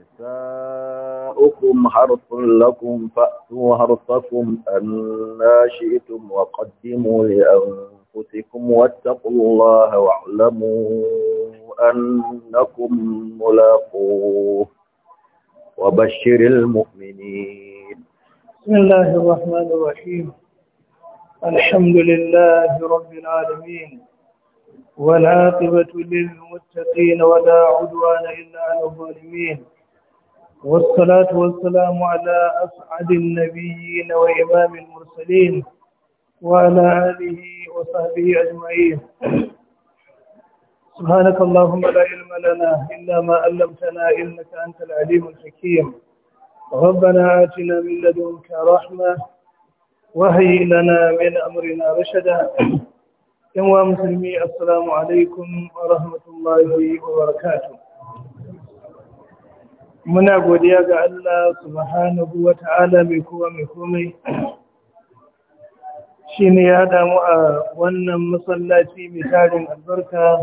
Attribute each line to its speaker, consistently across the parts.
Speaker 1: نساؤكم حرث لكم فأتوا حرثكم أنا شئتم وقدموا لأنفسكم واتقوا الله واعلموا أنكم ملاقوه وبشر المؤمنين بسم الله الرحمن الرحيم الحمد لله رب العالمين والعاقبة للمتقين ولا عدوان إلا على الظالمين والصلاة والسلام على أسعد النبيين وإمام المرسلين وعلى آله وصحبه أجمعين سبحانك اللهم لا علم لنا إلا ما علمتنا إنك أنت العليم الحكيم ربنا آتنا من لدنك رحمة وهيئ لنا من أمرنا رشدا يا مسلمي السلام عليكم ورحمة الله وبركاته muna godiya ga Allah subhanahu wa ta'ala mai kowa mai komai shi ne ya damu a wannan masallaci mai tarin albarka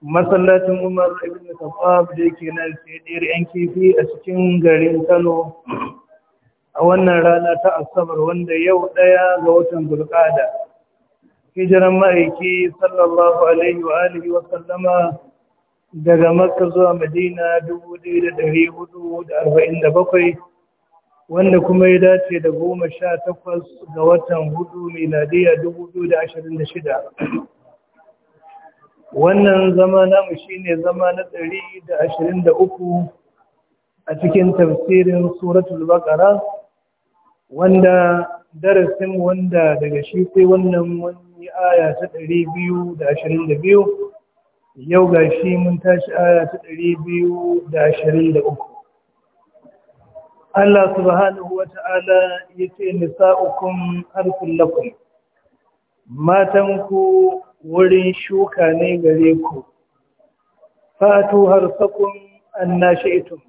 Speaker 1: masallacin umar ibn khattab da yake nan tsaye yan kifi a cikin garin kano a wannan rana ta asabar wanda yau ɗaya ga watan bulkada hijiran ma'aiki sallallahu alaihi wa alihi wa sallama daga makka zuwa madina dubu ɗaya da ɗari hudu da arba'in da bakwai
Speaker 2: wanda kuma ya
Speaker 1: dace da goma sha takwas ga watan hudu miladiya dubu biyu da ashirin da shida wannan zama namu shine zama na ɗari da ashirin da uku a cikin tafsirin suratul baqara wanda darasin wanda daga shi sai wannan wani aya ta ɗari biyu da ashirin da biyu yau ga shi mun tashi aya ta ɗari biyu da ashirin da uku Allah subhanahu wa ta'ala ya ce nisa'ukum harfin lakum matanku wurin shuka ne gare ku fatu sakon an nashi'tum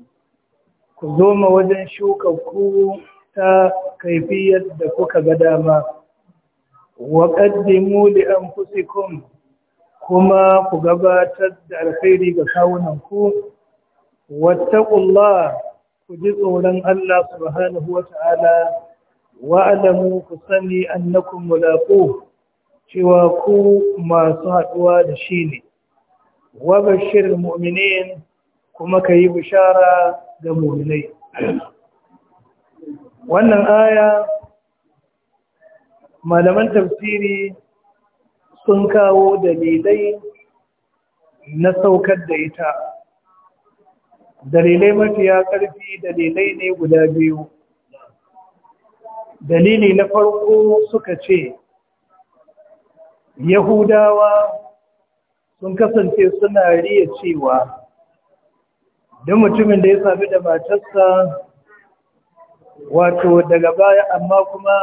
Speaker 1: ku zo ma wajen shuka ku ta kaifiyar da kuka ga dama wa an li anfusikum kuma ku gabatar da alkhairi ga kawunanku wattaqullah ku ji tsoron Allah subhanahu wata'ala wa'lamu ku sani annakum mulaqu cewa ku masu haɗuwa da shi ne wa bashir mu'minin kuma ka yi bishara ga mu'minai wannan aya malaman tafsiri sun kawo dalilai na saukar da ita dalilai mafiya ƙarfi dalilai ne guda biyu dalili na farko suka ce yahudawa sun kasance suna riya cewa don mutumin da ya sami da matarsa wato daga baya amma kuma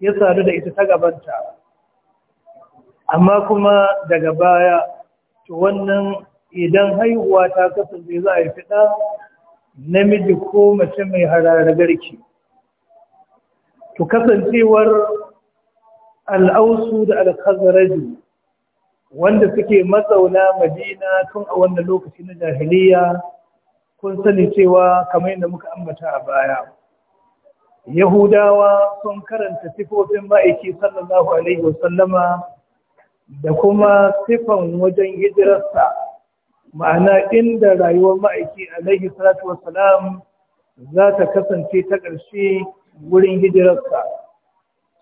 Speaker 1: ya sadu da ita ta gabanta amma kuma daga baya to wannan idan haihuwa ta kasance za a yi fiɗa namiji ko mace mai harara garki to kasancewar al'ausu da alkhazaraju wanda suke matsauna madina tun a wannan lokaci na jahiliya kun sani cewa kamar yadda muka ambata a baya yahudawa sun karanta sifofin ma'aiki sallallahu alaihi wasallama da kuma sifan wajen hijirarsa ma'ana inda rayuwar ma'aiki alaihi salatu wassalam za ta kasance ta ƙarshe wurin hijirarsa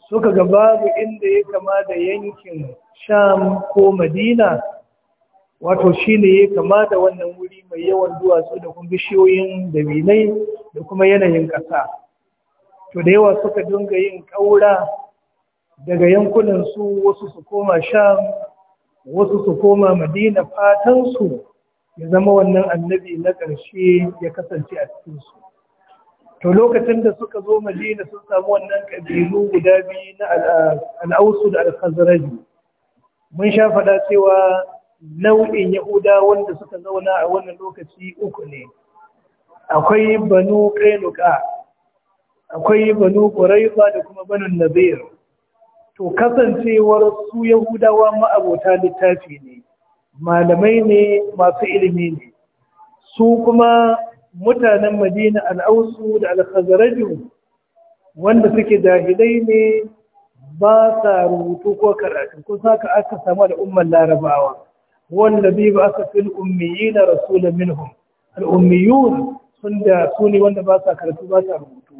Speaker 1: suka ga babu inda ya kama da yankin sham ko madina wato shi ne ya kama da wannan wuri mai yawan duwatsu da kuma bishiyoyin dabinai da kuma yanayin ƙasa to da yawa suka dinga yin ƙaura daga yankunan su wasu su koma sham wasu su koma madina fatan ya zama wannan annabi na ƙarshe ya kasance a cikinsu. to lokacin da suka zo madina sun samu wannan ƙabilu guda biyu na al'ausu da al mun sha faɗa cewa nau'in yahuda wanda suka zauna a wannan lokaci uku ne akwai banu kainuka akwai banu ƙuraiba da kuma banu nazir to kasancewar su yahudawa ma'abota littafi ne malamai ne masu ilimi ne su kuma mutanen madina al'ausu da alhazaraju wanda suke jahilai ne ba sa rubutu ko karatu ko saka aka samu da umman larabawa wanda bi ba aka fil ummiyi na rasulun minhum al'ummiyun sun da su ne wanda ba sa karatu ba sa rubutu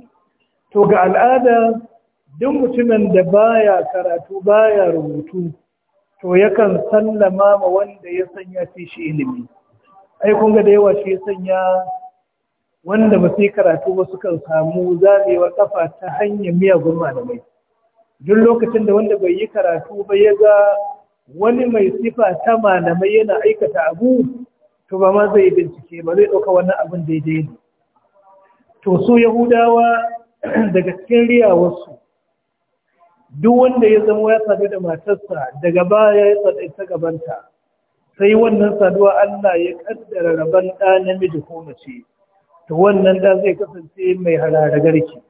Speaker 1: to ga al'ada duk mutumin da baya karatu baya rubutu to yakan sallama ma wanda ya sanya fi shi ilimi ai kun ga da yawa shi sanya wanda ba sai karatu ba sukan samu zamewa kafa ta hanyar miyagun malamai duk lokacin da wanda bai yi karatu ba ya ga wani mai sifa ta malamai yana aikata abu to ba ma zai bincike ba zai ɗauka wannan abin daidai ne to su yahudawa daga cikin riyawarsu duk wanda ya zama ya sadu da matarsa daga baya ya sadu ta gabanta sai wannan saduwa Allah ya kaddara rabon ɗa namiji ko mace to wannan da zai kasance mai harara garki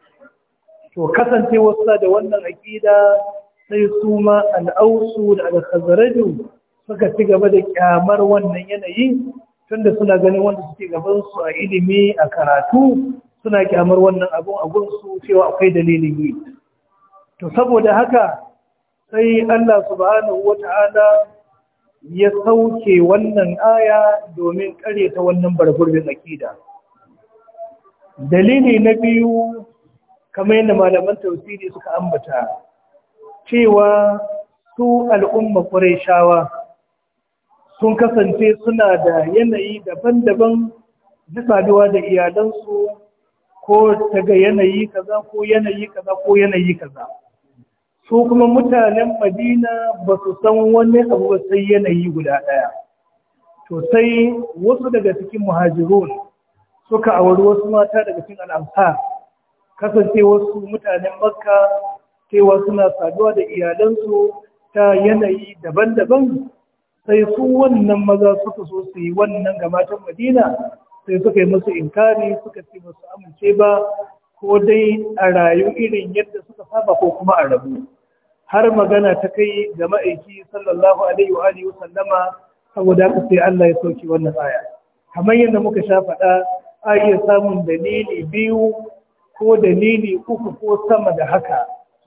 Speaker 1: to kasance wasa da wannan aƙida sai su ma al'ausu da al khazraju suka ci gaba da kyamar wannan yanayi tunda suna ganin wanda suke gaban su a ilimi a karatu suna kyamar wannan abun a su, cewa akwai dalilin yi to saboda haka sai Allah subhanahu wata'ala ya sauke wannan aya domin kare ta wannan barburbin akida dalili na biyu kamar yadda malaman tausiri suka ambata cewa su al'umma shawa sun kasance suna da yanayi daban-daban na saduwa da iyalansu ko ta ga yanayi kaza ko yanayi kaza ko yanayi kaza su kuma mutanen madina ba su san wani abu sai yanayi guda ɗaya to sai wasu daga cikin muhajirun suka auri wasu mata daga cikin al'amsar kasance wasu mutanen makka cewa suna saduwa da iyalansu ta yanayi daban-daban sai su wannan maza suka so su yi wannan ga matan madina sai suka yi musu inkari suka ce ba amince ba ko dai a rayu irin yadda suka saba ko kuma a rabu har magana ta kai ga ma'aiki sallallahu alaihi wa alihi sallama saboda haka sai Allah ya sauki wannan aya kamar yadda muka sha faɗa a iya samun dalili biyu ko dalili uku ko sama da haka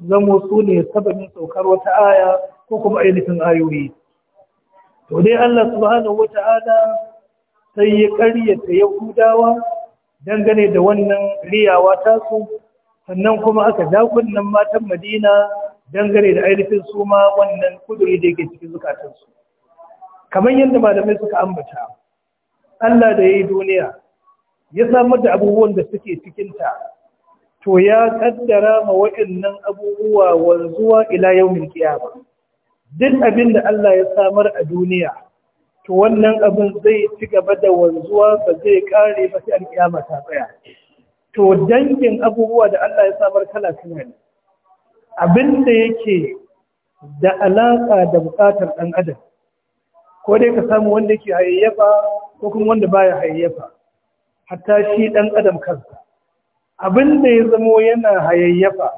Speaker 1: zamo su ne sababin saukar wata aya ko kuma ainihin ayoyi to dai Allah subhanahu wata'ala sai ya ƙaryata Yahudawa dangane da wannan riyawa tasu sannan kuma aka dakunan matan Madina dangane da ainihin su ma wannan kuduri da yake cikin zukatansu kamar yadda malamai suka ambata Allah da ya yi duniya ya samar da abubuwan da suke cikinta to ya kaddara ma waɗannan abubuwa wanzuwa ila yau mil kiyama duk abin da Allah ya samar a duniya to wannan abin zai ci gaba da wanzuwa ba zai kare ba sai alkiyama ta tsaya to dangin abubuwa da Allah ya samar kala kala ne abin da yake da alaƙa da buƙatar ɗan adam ko dai ka samu wanda yake hayayyafa ko kuma wanda baya hayayyafa hatta shi ɗan adam kansa abin da ya zamo yana hayayyafa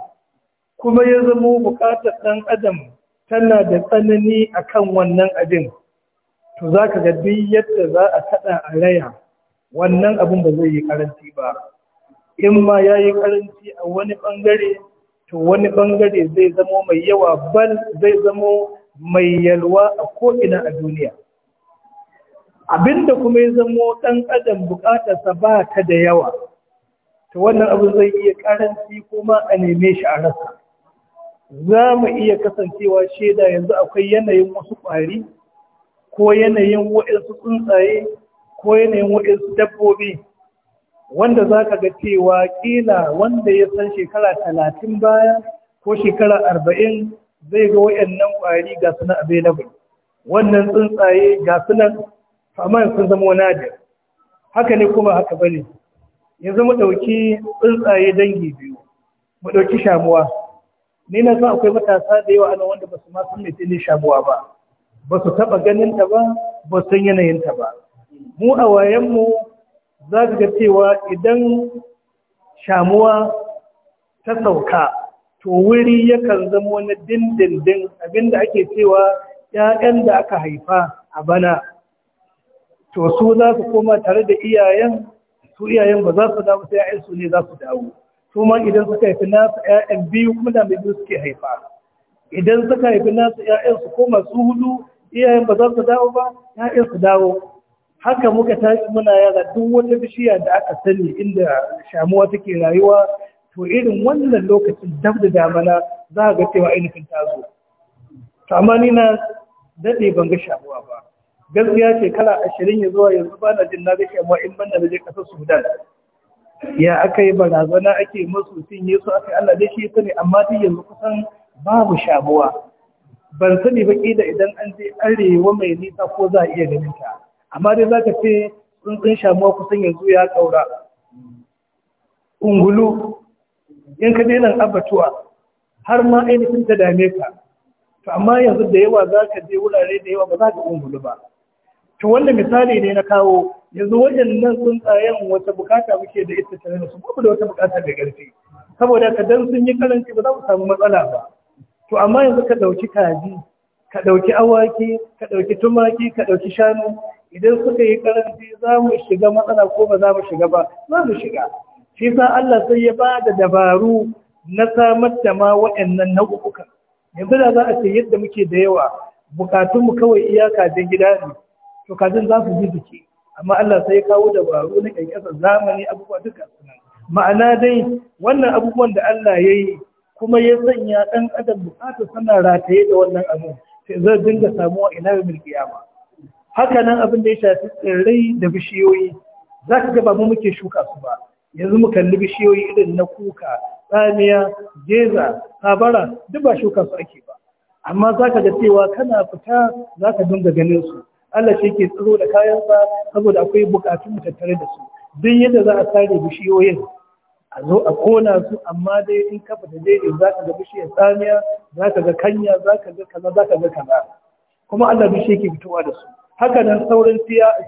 Speaker 1: kuma ya zamo buƙatar ɗan adam tana da tsanani a kan wannan abin to za ka gabi yadda za a taɗa a raya wannan abin ba zai yi ƙaranci ba in ma ya yi karanci a wani ɓangare to wani bangare zai zamo mai yawa bal zai zamo mai yalwa a ko'ina a duniya abinda kuma ya zamo ɗan adam buƙatarsa ba ta da yawa to wannan abu zai iya karanci kuma a neme shi a rasa za mu iya kasancewa shaida yanzu akwai yanayin wasu ƙwari ko yanayin waɗansu tsuntsaye ko yanayin waɗansu dabbobi wanda za ka ga cewa ƙila wanda ya san shekara talatin baya ko shekara arba'in zai ga wayannan ƙwari ga suna available wannan tsuntsaye ga sunan amma sun zama nadir haka ne kuma haka bane yanzu mu ɗauki tsuntsaye dangi biyu mu ɗauki shamuwa ni na san akwai matasa da yawa anan wanda ba su ma san mece shamuwa ba ba su taɓa ganin ta ba ba san yanayin ta ba mu a wayan mu za ga cewa idan shamuwa ta sauka to wuri yakan zama wani dindindin abinda ake cewa ‘ya'yan da aka haifa a bana to su za su koma tare da iyayen su iyayen ba za su dawo sai ‘ya'yan su ne za su dawo su ma idan suka haifi nasu ‘ya'yan biyu kuma da biyu suke haifa idan suka haifi nasu ‘ya'yan su koma su hudu iyayen ba za su dawo ba ‘ya'yan su dawo haka muka tashi muna yara duk wata bishiya da aka sani inda shamuwa take rayuwa to irin wannan lokacin dab da damana za ga cewa ainihin ta zo to amma ni na daɗe ban ga shamuwa ba gaskiya shekara ashirin ya zuwa yanzu ba na jin na ga shamuwa in ban da je ƙasar sudan ya aka yi barazana ake masu sun yi su aka Allah da shi sani amma duk yanzu kusan babu shamuwa ban sani ba da idan an je arewa mai nisa ko za a iya ganin ta amma dai za ka fi tsuntsun shamuwa kusan yanzu ya ƙaura ungulu in ka nan abatuwa har ma ainihin ta dame ka to amma yanzu da yawa za ka je wurare da yawa ba za ka ungulu ba to wanda misali ne na kawo yanzu wajen nan tsuntsayen wata bukata muke da ita tare da su babu da wata bukata da ƙarfi saboda ka dan sun yi karanci ba za mu samu matsala ba to amma yanzu ka ɗauki kaji ka ɗauki awaki ka ɗauki tumaki ka ɗauki shanu idan suka yi karanci za mu shiga matsala ko ba za mu shiga ba za mu shiga shi sa Allah sai ya ba da dabaru na samar da ma waɗannan nau'uka yanzu da za a ce yadda muke da yawa bukatunmu kawai iyaka da gida ne to kajin za su bi jiki amma Allah sai ya kawo dabaru na ƙyanƙyasa zamani abubuwa duka ma'ana dai wannan abubuwan da Allah ya yi kuma ya sanya ɗan adam bukatar sana rataye da wannan abu sai zai dinga samuwa ina yau haka nan abin da ya shafi tsirrai da bishiyoyi za ka gaba mu muke shuka su ba yanzu mu kalli bishiyoyi irin na kuka tsamiya geza sabara duk ba shuka su ake ba amma za ka ga cewa kana fita za ka dinga ganin su Allah shi ke tsiro da kayansa saboda akwai bukatun mu tattare da su duk yadda za a sare bishiyoyin a zo a kona su amma dai in ka fita daidai za ka ga bishiyar tsamiya za ka ga kanya za ka ga kaza za ka ga kaza kuma Allah bishi ke fitowa da su haka nan sauran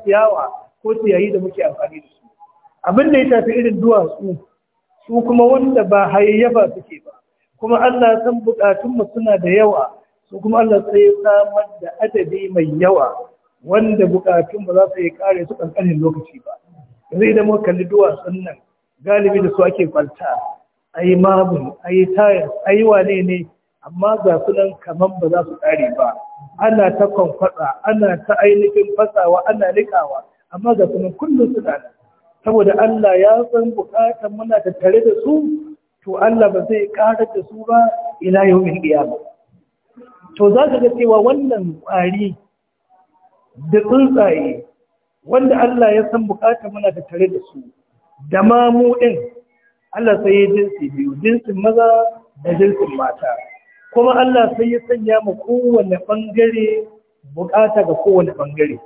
Speaker 1: ciyawa ko siyayi da muke amfani da su abin da ya shafi irin duwatsu su kuma wanda ba hayayyafa suke ba kuma Allah san mu suna da yawa su kuma Allah sai ya samar da adadi mai yawa wanda bukatun ba za su yi kare su kankanin lokaci ba yanzu idan muka kalli duwatsun nan galibi da su ake kwalta a yi mabul a yi tayar a wane ne amma ga sunan kamar ba za su ƙare ba ana ta kwankwasa ana ta ainihin fasawa ana rikawa amma ga sunan kullum suna saboda Allah ya san bukatan muna da tare da su to Allah ba zai ƙara da su ba ila yau min ba. to za ka ga cewa wannan ƙwari da tsuntsaye wanda Allah ya san bukatan muna da tare da su da mamu ɗin Allah sai ya jinsi biyu jinsin maza da jinsin mata kuma Allah sai ya sanya mu kowane bangare bukata ga kowane bangare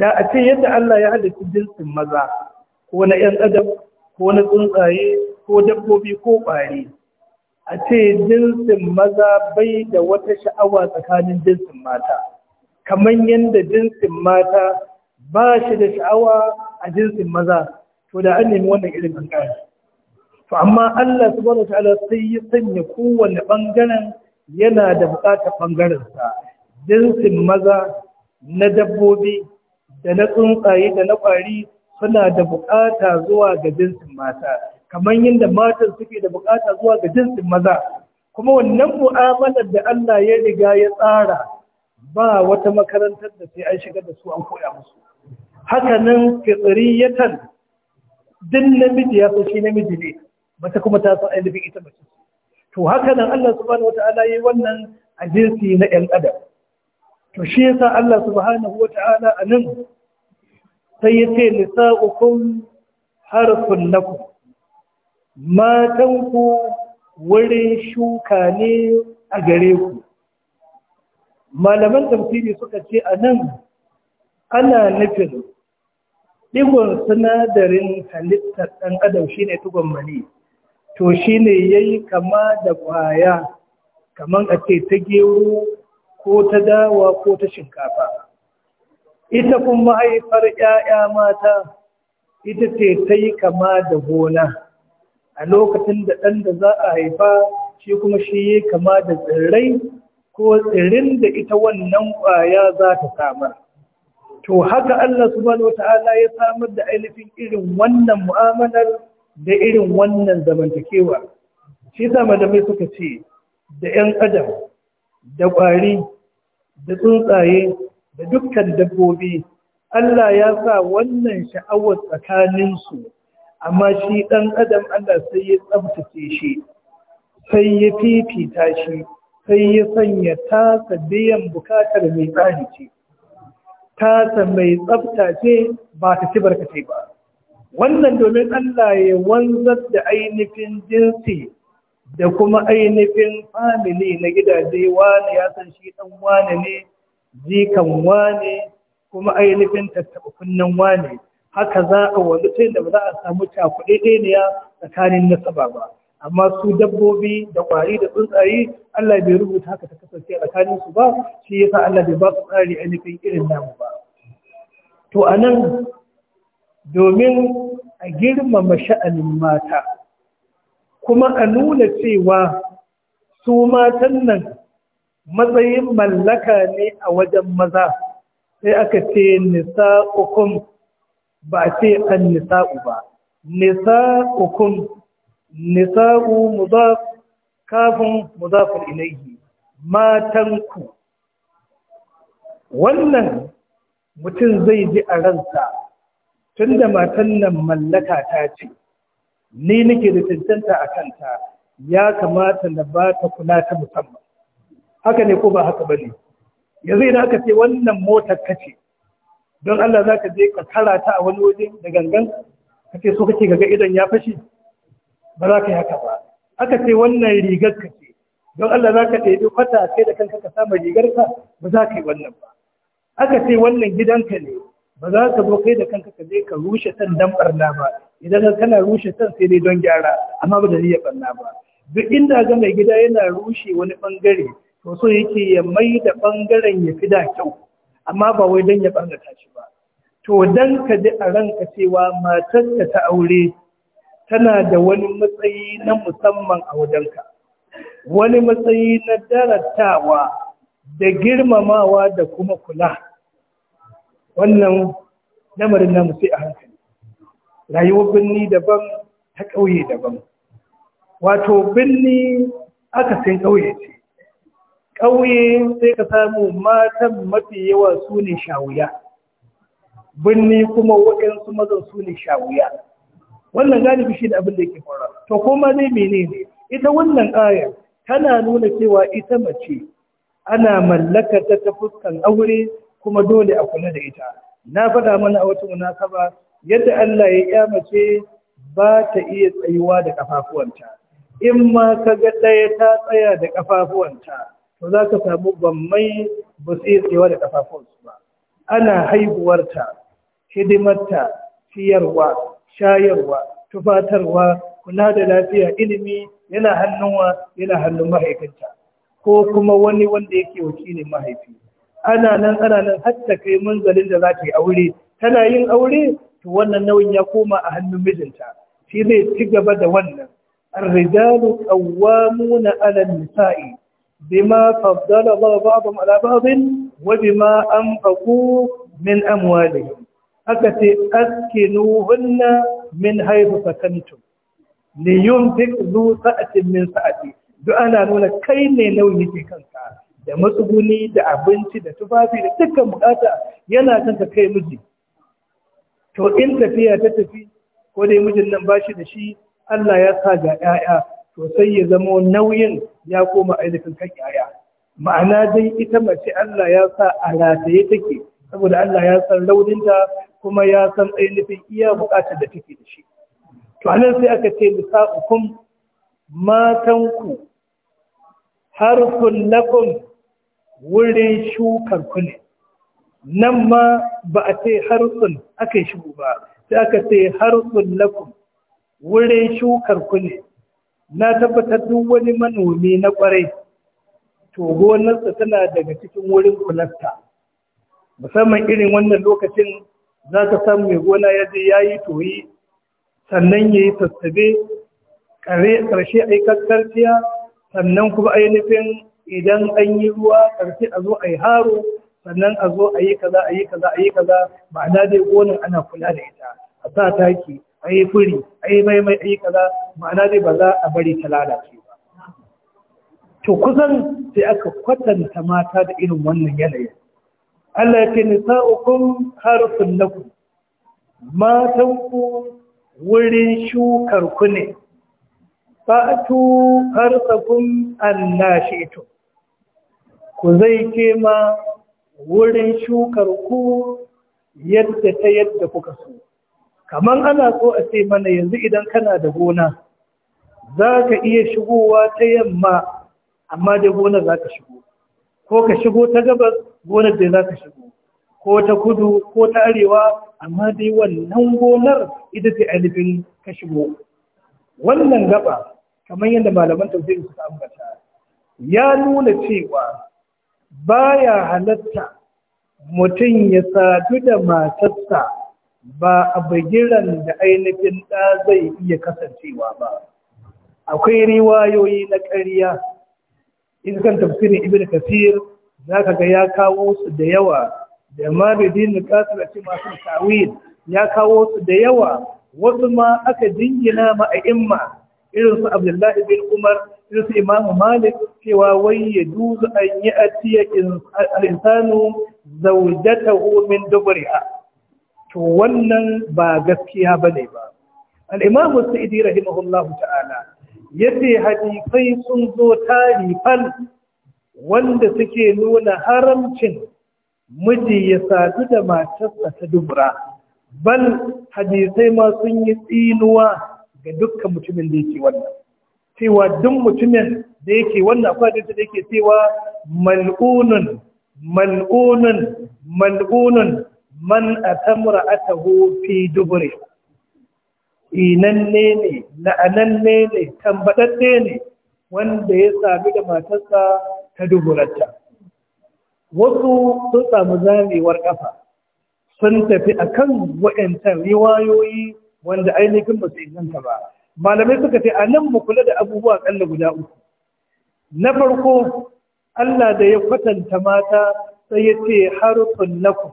Speaker 1: da a ce yadda Allah ya halitta jinsin maza ko na ‘yan adam ko na tsuntsaye ko dabbobi ko ƙwari a ce jinsin maza bai da wata sha'awa tsakanin jinsin mata kamar yadda jinsin mata ba shi da sha'awa a jinsin maza to da an nemi wannan irin an to amma Allah subhanahu ta'ala sai ya sanya kowane bangaren yana da bukatar bangarensa jinsin maza na dabbobi da na tsuntsaye da na ƙwari suna da buƙata zuwa ga jinsin mata kamar yadda matan suke da bukata zuwa ga jinsin maza kuma wannan mu'amalar da Allah ya riga ya tsara ba wata makarantar da sai an shiga da su an koya musu Haka nan, ya tan din namiji ya so shi namiji ne Mata kuma ta san ainihin ita mace to haka nan Allah subhanahu wata'ala yi wannan a jinsi na ‘yan adam to shi yasa Allah subhanahu wata'ala a nan sai ya ce ukun harfun lakum matanku wurin shuka ne a gare ku malaman tafsiri suka ce a nan ana nufin ɗigon sinadarin halittar ɗan adam shi ne tugon to shi ne ya yi kama da kwaya kamar a ce ta gero ko ta dawa ko ta shinkafa ita kun mahaifar 'ya'ya mata ita ce ta yi kama da gona a lokacin da ɗan da za a haifa shi kuma shi ya kama da tsirrai ko tsirin da ita wannan kwaya za ta samar to haka Allah subhanahu ta'ala ya samar da ainihin irin wannan mu'amalar da irin wannan zamantakewa shi sa mai suka ce da 'yan adam da ƙwari da tsuntsaye da dukkan dabbobi Allah ya sa wannan sha'awar tsakaninsu amma shi ɗan adam Allah sai ya tsabtace shi sai ya fifita shi sai ya sanya tasa biyan bukatar mai tsari ce tasa mai tsabta ba ta ci barkatai ba wannan domin Allah ya wanzar da ainihin jinsi da kuma ainihin famili na gidaje wane ya san shi dan wane ne jikan wane kuma ainihin tattaɓa wane haka za a wanzu ta da ba za a samu cakuɗe ɗaya tsakanin nasaba ba amma su dabbobi da ƙwari da tsuntsaye Allah bai rubuta haka ta kasance a tsakanin su ba shi yasa Allah bai ba su tsari ainihin irin namu ba to anan domin a girmama sha'anin mata kuma a nuna cewa su matan nan matsayin mallaka ne a wajen maza sai aka ce ukun ba a ce an nisa'u ba nisa'ukum nisa'u mudaf kafin mudafin Matan ku. wannan mutum zai ji a ransa tun da matan nan mallaka ta ce ni nake da cancanta a kanta ya kamata na ba ta kula ta musamman
Speaker 2: haka ne ko ba haka ba
Speaker 1: ne yanzu idan aka ce wannan motar ka ce don Allah za ka je ka kara ta a wani waje da gangan ka ce so kake ga idan ya fashe ba za ka yi haka ba aka ce wannan rigar ka ce don Allah za ka ɗebi kwata kai da kanka ka samu rigar ka ba za ka yi wannan ba aka ce wannan gidanka ne ba za ka zo kai da kanka ka je ka rushe san dan barna ba idan ka kana rushe san sai dai don gyara amma ba da niyyar barna ba duk inda ga mai gida yana rushe wani bangare to so yake ya mai da bangaren ya fi da kyau amma ba wai don ya barnata shi ba to dan ka ji a ranka cewa matar ka ta aure tana da wani matsayi na musamman a wajenka wani matsayi na daratawa da girmamawa da kuma kula wannan lamarin namu sai a hankali rayuwar birni daban ta ƙauye daban wato birni aka san ƙauye ce ƙauye sai ka samu matan mafi yawa su ne shawuya birni kuma waɗansu mazan su ne shawuya wannan galibi shi da abin da yake fara to kuma dai menene ita wannan ayar tana nuna cewa ita mace ana mallaka ta ta fuskan aure kuma dole a kula da ita na faɗa mana a wata munasaba yadda Allah ya kyamace ba ta iya tsayuwa da kafafuwanta in ma ka ga ɗaya ta tsaya da kafafuwanta to za ka samu bammai ba su iya tsayuwa da kafafuwansu ba ana haihuwarta hidimarta ciyarwa shayarwa tufatarwa kula da lafiya ilimi yana hannunwa yana hannun mahaifinta ko kuma wani wanda yake wakilin mahaifi ana nan ana nan har ta kai manzalin da za ta yi aure tana yin aure to wannan nauyin ya koma a hannun mijinta shi zai ci gaba da wannan الرجال قوامون على النساء بما فضل الله بعضهم على بعض وبما أنفقوا من أموالهم أكتي أسكنوهن من حيث سكنتم لينفق ذو سأة من سأتي دعانا نونا كين نوي في كنتا da matsuguni da abinci da tufafi da dukkan bukata yana kan ka kai miji to in tafiya ta tafi ko dai mijin nan bashi da shi Allah ya sa ga 'ya'ya to sai ya zama nauyin ya koma ainihin kan 'ya'ya ma'ana dai ita mace Allah ya sa a rataye take saboda Allah ya san ta kuma ya san ainihin iya bukatar da take da shi to anan sai aka ce nisa'ukum matanku harfun lakum wurin shukar ne, nan ma ba a ce harsun aka yi shigo ba sai aka ce harsun lakum wurin shukar ne. na tabbatar duk wani manomi na kwarai to gonarsa tana daga cikin wurin kulasta musamman irin wannan lokacin za ta samu mai gona ya je ya yi toyi sannan ya yi sassabe ƙarshe a yi sannan kuma ainihin idan an yi ruwa ƙarfi a zo a yi haro sannan a zo a yi kaza a yi kaza a yi kaza na dai gonin ana kula da ita a sa taki a yi furi a yi maimai a yi kaza na dai ba za a bari ta lalace ba to kusan sai aka kwatanta mata da irin wannan yanayin Allah ya ce nisa'ukum harsun ku. matan ku wurin shukar ku ne fa'atu harsakum annashi'tum ku zai kema wurin shukar ku yadda ta yadda kuka so Kaman ana so a ce mana yanzu idan kana da gona za ka iya shigowa ta yamma amma da gona za ka shigo ko ka shigo ta gabas gonar da za ka shigo ko ta kudu ko ta arewa amma dai wannan gonar ita ce ainihin ka shigo wannan gaba kamar yadda malaman tausayi ta ambata ya nuna cewa baya halatta mutum ya sadu da matarsa ba a bigiran da ainihin ɗa zai iya kasancewa ba akwai riwayoyi na ƙarya in kan tafsirin ibn kasir za ka ga ya kawo su da yawa da maridin kasir a masu tawil ya kawo su da yawa wasu ma aka jingina ma'a'imma irin su abdullahi bin umar irin su imamu malik cewa wai ya duzu an yi atiya al'insanu zaujata min dubariha to wannan ba gaskiya ne ba al'imamu sa'idi rahimahullahu ta'ala yace hadisai sun zo tarifan wanda suke nuna haramcin miji ya sadu da matarsa ta dubura bal hadisai ma sun yi tsinuwa ga dukkan mutumin da yake wannan cewa duk mutumin da yake wannan akwai hadisi da yake cewa mal'unun mal'unun mal'unun man atamra atahu fi dubri inan ne ne la'ananne ne tambadadde ne wanda ya sami da matarsa ta duburarta wasu sun samu zamewar kafa sun tafi akan wa'yantar riwayoyi wanda ainihin ba su inganta ba malamai suka ce a nan mu kula da abubuwa ƙalla guda uku na farko Allah da ya kwatanta mata sai ya ce harfin lakum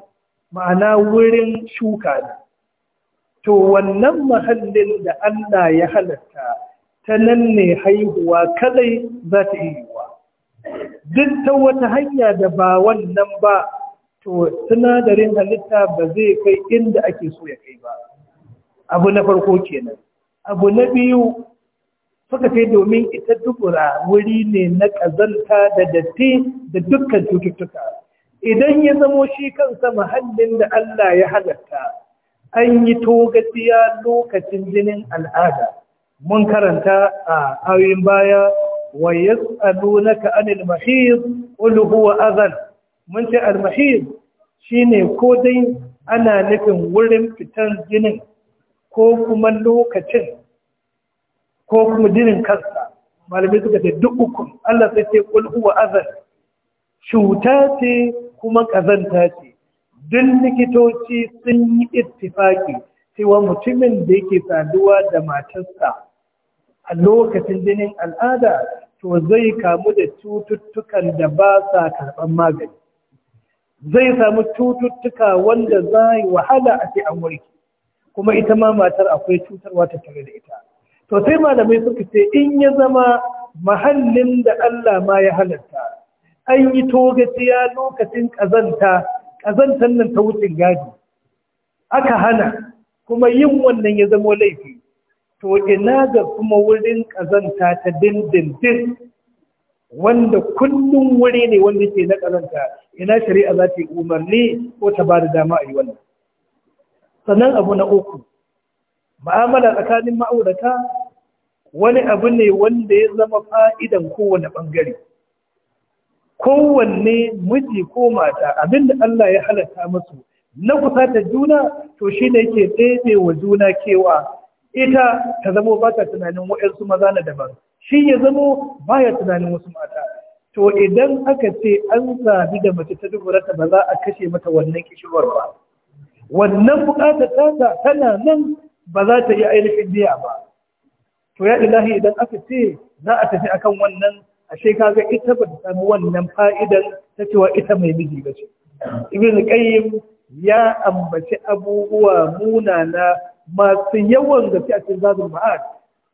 Speaker 1: ma'ana wurin shuka ne to wannan mahallin da Allah ya halatta ta nan ne haihuwa kadai za ta yi yiwuwa duk ta wata hanya da ba wannan ba to sinadarin halitta ba zai kai inda ake so ya kai ba abu na farko kenan abu na biyu suka ce domin ita dubura wuri ne na ƙazanta da datti da dukkan cututtuka idan ya zamo shi kansa muhallin da Allah ya halatta an yi togaciya lokacin jinin al'ada mun karanta a ayoyin baya wa yas'alunaka anil mahid qul huwa adhan mun ce al mahid shine ko dai ana nufin wurin fitan jinin ko kuma lokacin ko kuma jinin kansa malamai suka ce duk uku Allah sai ce kul huwa
Speaker 2: cuta ce
Speaker 1: kuma kazanta ce duk likitoci sun yi ittifaki cewa mutumin da yake saduwa da matarsa a lokacin jinin al'ada to zai kamu da cututtukan da ba sa karɓar magani zai samu cututtuka wanda za yi wahala a ce an warke kuma ita ma matar akwai cutarwa ta tare da ita to sai malamai suka ce in ya zama mahallin da Allah ma ya halarta an yi togaciya lokacin ƙazanta ƙazantar nan ta wucin gadi aka hana kuma yin wannan ya zama laifi to ina ga kuma wurin ƙazanta ta dindindin wanda kullum wuri ne wanda ke na ƙazanta, ina shari'a za ta yi umarni ko ta ba da dama a yi wannan sannan abu na uku ma'amala tsakanin ma'aurata wani abu ne wanda ya zama fa'idan kowane ɓangare kowanne miji ko mata abinda Allah ya halatta masu, na kusa ta juna to shi ne yake ɗebe wa juna kewa ita ta zamo ba ta tunanin waɗansu maza na daban shi ya zamo ba ya tunanin wasu mata to idan aka ce an zabi da mace ta ta ba za a kashe mata wannan kishirwar ba wannan bukatar tata tana nan ba za ta yi ainihin biya ba to ya ilahi idan aka ce za a tafi akan wannan a shekaga ita ba ta samu wannan fa'idan ta cewa ita mai miji ba ce ibn qayyim ya ambaci abubuwa munana masu yawan gaske a cikin zazul ma'ad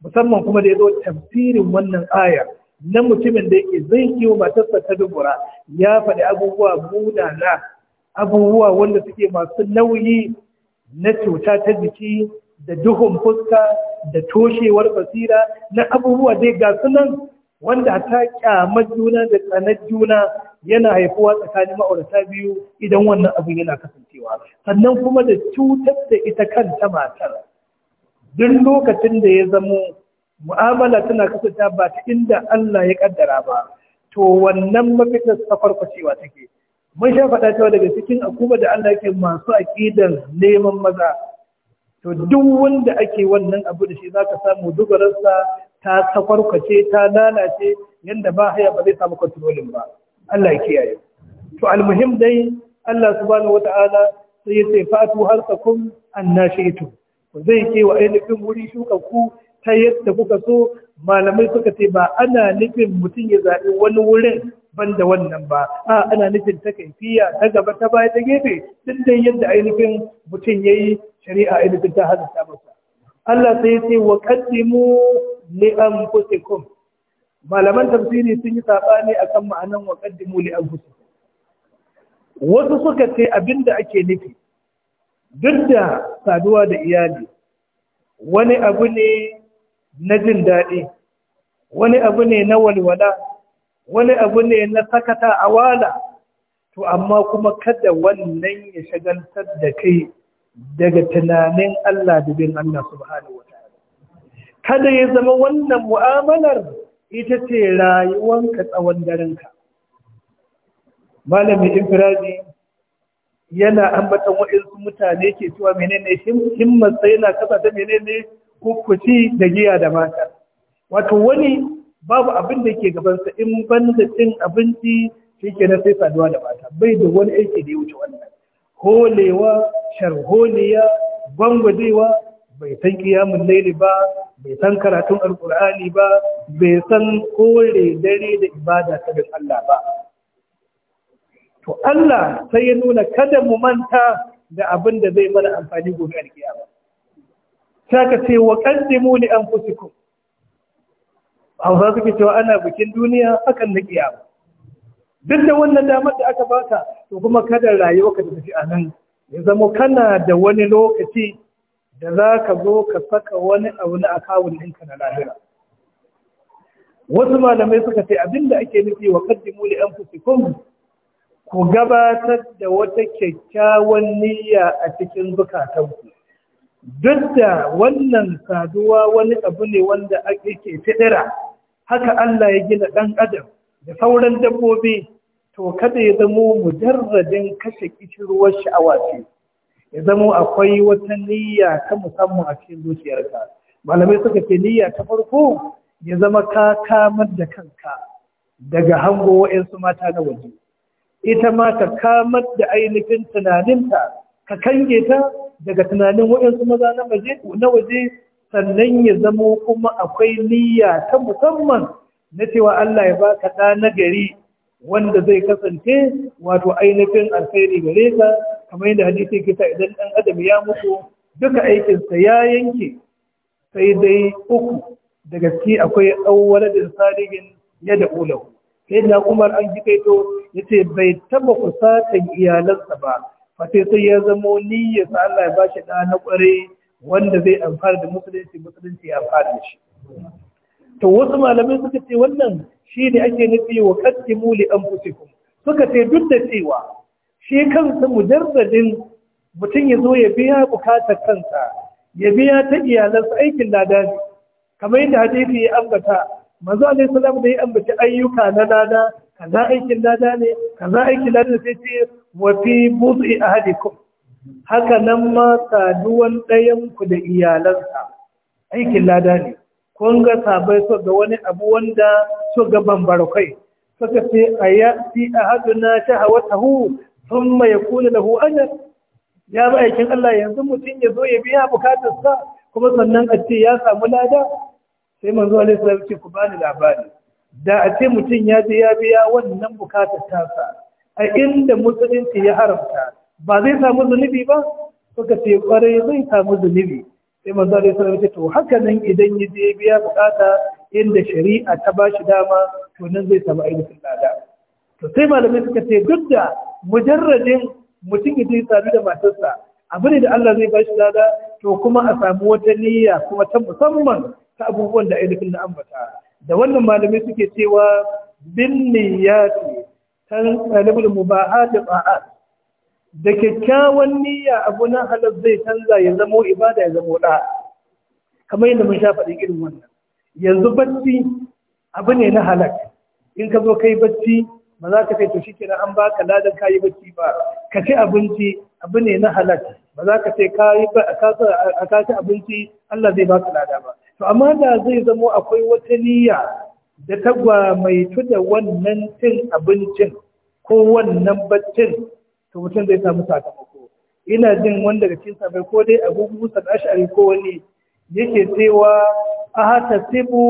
Speaker 1: musamman kuma da ya zo tafsirin wannan aya na mutumin da yake zai kiwo matarsa ta dubura ya faɗi abubuwa munana abubuwa wanda suke masu nauyi na cuta ta jiki da duhun fuska da toshewar basira na abubuwa dai ga sunan wanda ta kyamar juna da tsanar juna yana haifuwa tsakanin ma'aurata biyu idan wannan abin yana kasancewa sannan kuma da cutar da ita ta matar duk lokacin da ya zamo mu'amala tana kasanta ba ta inda Allah ya kaddara ba to wannan mafitar kwacewa take mun sha faɗa cewa daga cikin akuma da Allah yake masu aƙidar neman maza to duk wanda ake wannan abu da shi zaka samu dubararsa ta takwarkace ta lalace yanda ba haya ba zai samu controlling ba Allah ya kiyaye to almuhim dai Allah subhanahu wata'ala sai ya ce fatu harsakum annashitu zai ke wa ainihin wuri shuka ku ta yadda kuka so malamai suka ce ba ana nufin mutum ya zaɓi wani wurin ban da wannan ba a ana nufin ta kaifiya ta gaba ta baya ta gefe duk dai yadda ainihin mutum ya yi shari'a ainihin ta ta masa Allah sai ya ce wa kaddimu li anfusikum malaman tafsiri sun yi sabani akan ma'anan wa kaddimu li anfusikum wasu suka ce abinda ake nufi duk da saduwa da iyali wani abu ne na jin daɗi wani abu ne na walwala wani abu ne na sakata a wala to amma kuma kada wannan ya shagaltar da kai daga tunanin Allah da bin Allah subhanahu ta'ala kada ya zama wannan mu'amalar ita ce rayuwanka tsawon darenka malamin ibrahim yana ambata waɗansu mutane ke cewa menene himmar sai na kasa ta menene kukuci da giya da mata wato wani babu abin da yake gabansa in ban da cin abinci shi ke sai saduwa da mata bai da wani aiki da ya wuce wannan holewa sharholiya gwangwadewa bai san kiyamun laili ba bai san karatun alkur'ani ba bai san kore dare da ibada ta bin Allah ba to Allah sai ya nuna kada mu manta da abin da zai mana amfani gobe alkiyama ka ce wa qaddimu li anfusikum hausa suke cewa ana bikin duniya hakan na kiyama duk da wannan damar da aka baka to kuma kada rayuwa ka tafi a nan ya zama kana da wani lokaci da za ka zo ka saka wani abu na akawun ɗinka na lahira wasu malamai suka ce abinda ake nufi wa kaddimu li anfusikum ku gabatar da wata kyakkyawan niyya a cikin zukatanku duk da wannan saduwa wani abu ne wanda ake ke fidira haka Allah ya gina ɗan adam da sauran dabbobi to kada ya zamo mujarradin kashe kishirwar sha'awa ce ya zamo akwai wata niyya ta musamman a cikin zuciyarka malamai suka ce niyya ta farko ya zama ka kamar da kanka daga hango wa'insu mata na waje ita ma ka kamar da ainihin tunaninta ka kange ta daga tunanin wa'insu maza na waje sannan ya zama kuma akwai niyya ta musamman na cewa Allah ya ba ɗa na gari wanda zai kasance wato ainihin alfairi gare ka kamar yadda hadisi kisa idan ɗan adam ya mutu duka aikinsa ya yanke sai dai uku da gaske akwai auwala da salihin ya da ulau sai da umar an ji kaito ya ce bai taba kusatan iyalansa ba fa sai ya zamo niyyarsa Allah ya bashi ɗa na ƙwarai wanda zai amfana da musulunci musulunci ya amfani da shi to wasu malamai suka ce wannan shi ne ake nufi wa qaddimu li anfusikum suka ce duk da cewa shi kansa mujarradin mutum ya zo ya biya bukatar kansa ya biya ta iyalansa aikin lada ne kamar yadda hadisi ya ambata manzo alaihi salam da ya ambaci ayyuka na lada kaza aikin lada ne kaza aikin lada ne sai ce wa fi buzi ahadikum haka nan ma saduwan ku da iyalansa aikin lada ne kun ga sabai so ga wani abu wanda so ga bambarakai saka ce a ya fi a haduna shahawatahu sun mai kula da ya ba aikin Allah yanzu mutum ya zo ya biya bukatarsa kuma sannan a ce ya samu lada sai manzo alaihi salam ce ku bani labari da a ce mutum ya je ya biya wannan bukatar tasa a inda musulunci ya haramta ba zai samu zunubi ba suka ce kwarai zai samu zunubi sai manzo Allah sallallahu alaihi to haka nan idan ya je biya bukata inda shari'a ta ba shi dama to nan zai samu ainihin lada to sai malamai suka ce duk da mujarradin mutum ya je sadu da matarsa abu ne da Allah zai ba shi lada to kuma a samu wata niyya kuma ta musamman ta abubuwan da ainihin na ambata da wannan malamai suke cewa bin niyyati tan talibul da ba'a. da kyakkyawan niyya abu na halar zai canza ya zamo ibada ya zamo da kamar yadda mun sha faɗi irin wannan yanzu bacci abu ne na halak. in ka zo kai bacci ba za ka kai to shikenan an ba baka ladan yi bacci ba ka ci abinci abu ne na halak. ba za ka sai a ci abinci Allah zai baka lada ba to amma da zai zamo akwai wata niyya da ta mai da wannan cin abincin ko wannan baccin to mutum zai samu sakamako ina jin wanda daga cikin sabai ko dai abu musa ash'ari ko wani yake cewa ahatasibu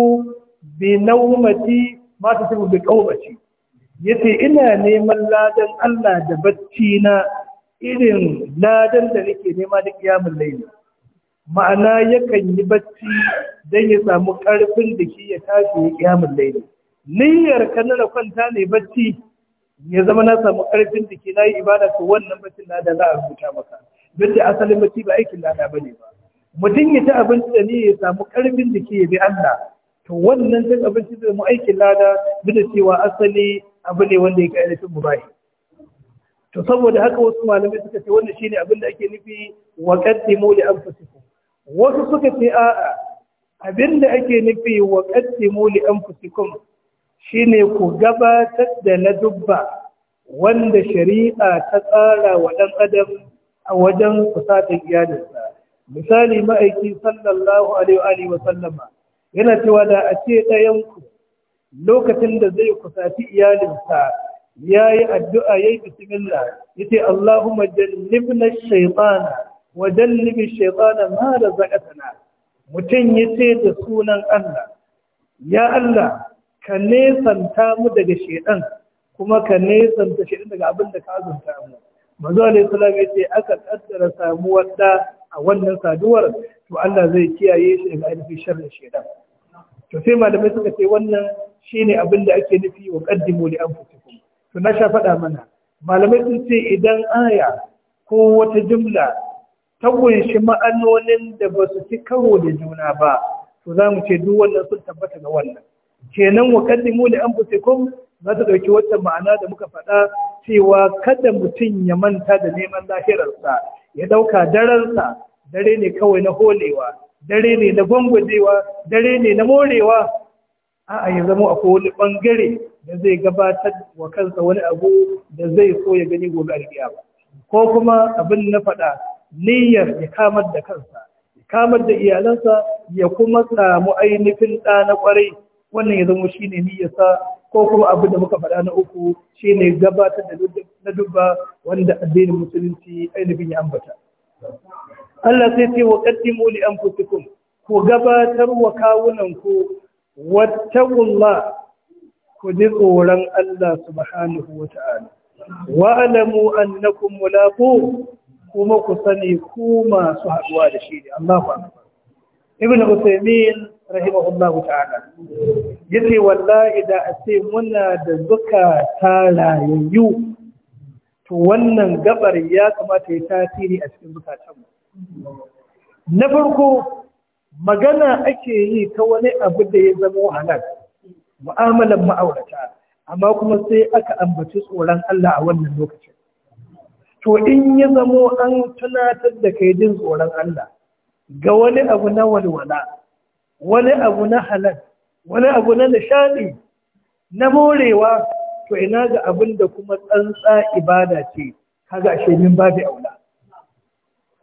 Speaker 1: bi naumati ma tasibu bi qawmati yace ina neman ladan Allah da bacci na irin ladan da nake nema da kiyamul layli ma'ana yakan yi bacci dan ya samu ƙarfin da shi ya tashi ya kiyamul layli niyyar ka kwanta ne bacci ya zama na samu karfin jiki na yi ibada to wannan bacin lada za a rubuta maka don da asalin mutum ba aikin lada ba ne ba mutum ya ci abinci da ne ya samu karfin jiki ya bi Allah to wannan cin abinci da mu aikin lada duk da cewa asali abu ne wanda ya kai mu mubahi to saboda haka wasu malamai suka ce wannan shine abin da ake nufi wa qaddimu li anfusikum wasu suka ce a'a abin da ake nufi wa qaddimu li anfusikum shine ku gabatar da dubba wanda shari'a ta tsara wa ɗan adam a wajen fusatan iyalinsa misali ma'aiki sallallahu alaihi wa sallama yana cewa da a ce ɗayanku lokacin da zai kusaci iyalinsa ya yi addu'a ya yi bismillah ya ce Allahumma jannibna shaitana wa jannibi shaitana ma da zaƙatana mutum ya ce da sunan Allah
Speaker 2: ya Allah
Speaker 1: ka nesanta mu daga shedan kuma ka nesanta shedan daga abin da ka azurta mu manzo alaihi salam ce aka kaddara samu da a wannan saduwar to Allah zai kiyaye shi daga ainihin shirin shedan to sai malamai suka ce wannan shine abin da ake nufi wa qaddimu li anfusikum to na sha faɗa mana malamai sun ce idan aya ko wata jumla ta kunshi ma'anonin da ba su ci karo da juna ba to za mu ce duk wannan sun tabbata ga wannan kenan wa kaddimu li anfusikum za ta dauki wata ma'ana da muka faɗa cewa kada mutum ya manta da neman lahirarsa ya dauka dararsa dare ne kawai na holewa dare ne na gwangwajewa dare ne na morewa a'a ya zama akwai wani bangare da zai gabatar wa kansa wani abu da zai so ya gani gobe ba, ko kuma abin na faɗa niyyar ya kamar da kansa ya kamar da iyalansa ya kuma samu ainihin ɗa na ƙwarai wannan ya zama shi ne niyyarsa ko kuma abin da muka faɗa na uku shi ne gabatar da na dubba wanda addinin musulunci ainihin ya ambata Allah sai ce wa an fi anfusikum ku gabatar wa kawunanku wattaqullah ku ji tsoron Allah subhanahu wa ta'ala alamu an na kuma ku sani ku masu haɗuwa da shi ne Allah ba Ibn Uthaymeen rahimahullahu ta'ala yace wallahi da a ce muna da ta rayayyu to wannan gabar ya kamata ya tasiri a cikin zukatan na farko magana ake yi ta wani abu da ya zama halal mu'amalan ma'aurata amma kuma sai aka ambaci tsoron Allah a wannan lokacin to in ya zamo an tunatar da kai jin tsoron Allah ga wani abu na walwala wani abu na halal wani abu na nishaɗi, na morewa to ina ga abin da kuma tsantsa ibada ce kaga ashe min babu aula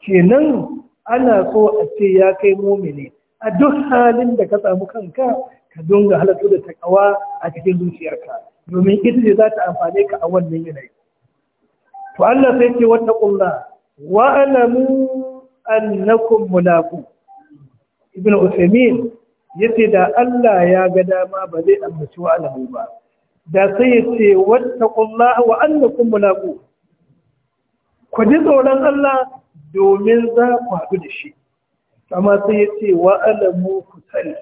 Speaker 1: kenan ana so a ce ya kai mumini a duk halin da ka samu kanka ka dunga halatu da takawa a cikin zuciyarka domin ita ce za ta amfane ka a wannan yanayi to Allah sai ce wata ƙulla wa alamu annakum mulaqu ibn Uthaymeen yace da Allah ya ga dama ba zai ambaci wa alamu ba da sai yace wattaqullaha wa annakum mulaqu ku ji tsoron Allah domin za ku haɗu da shi amma sai yace wa alamu ku sani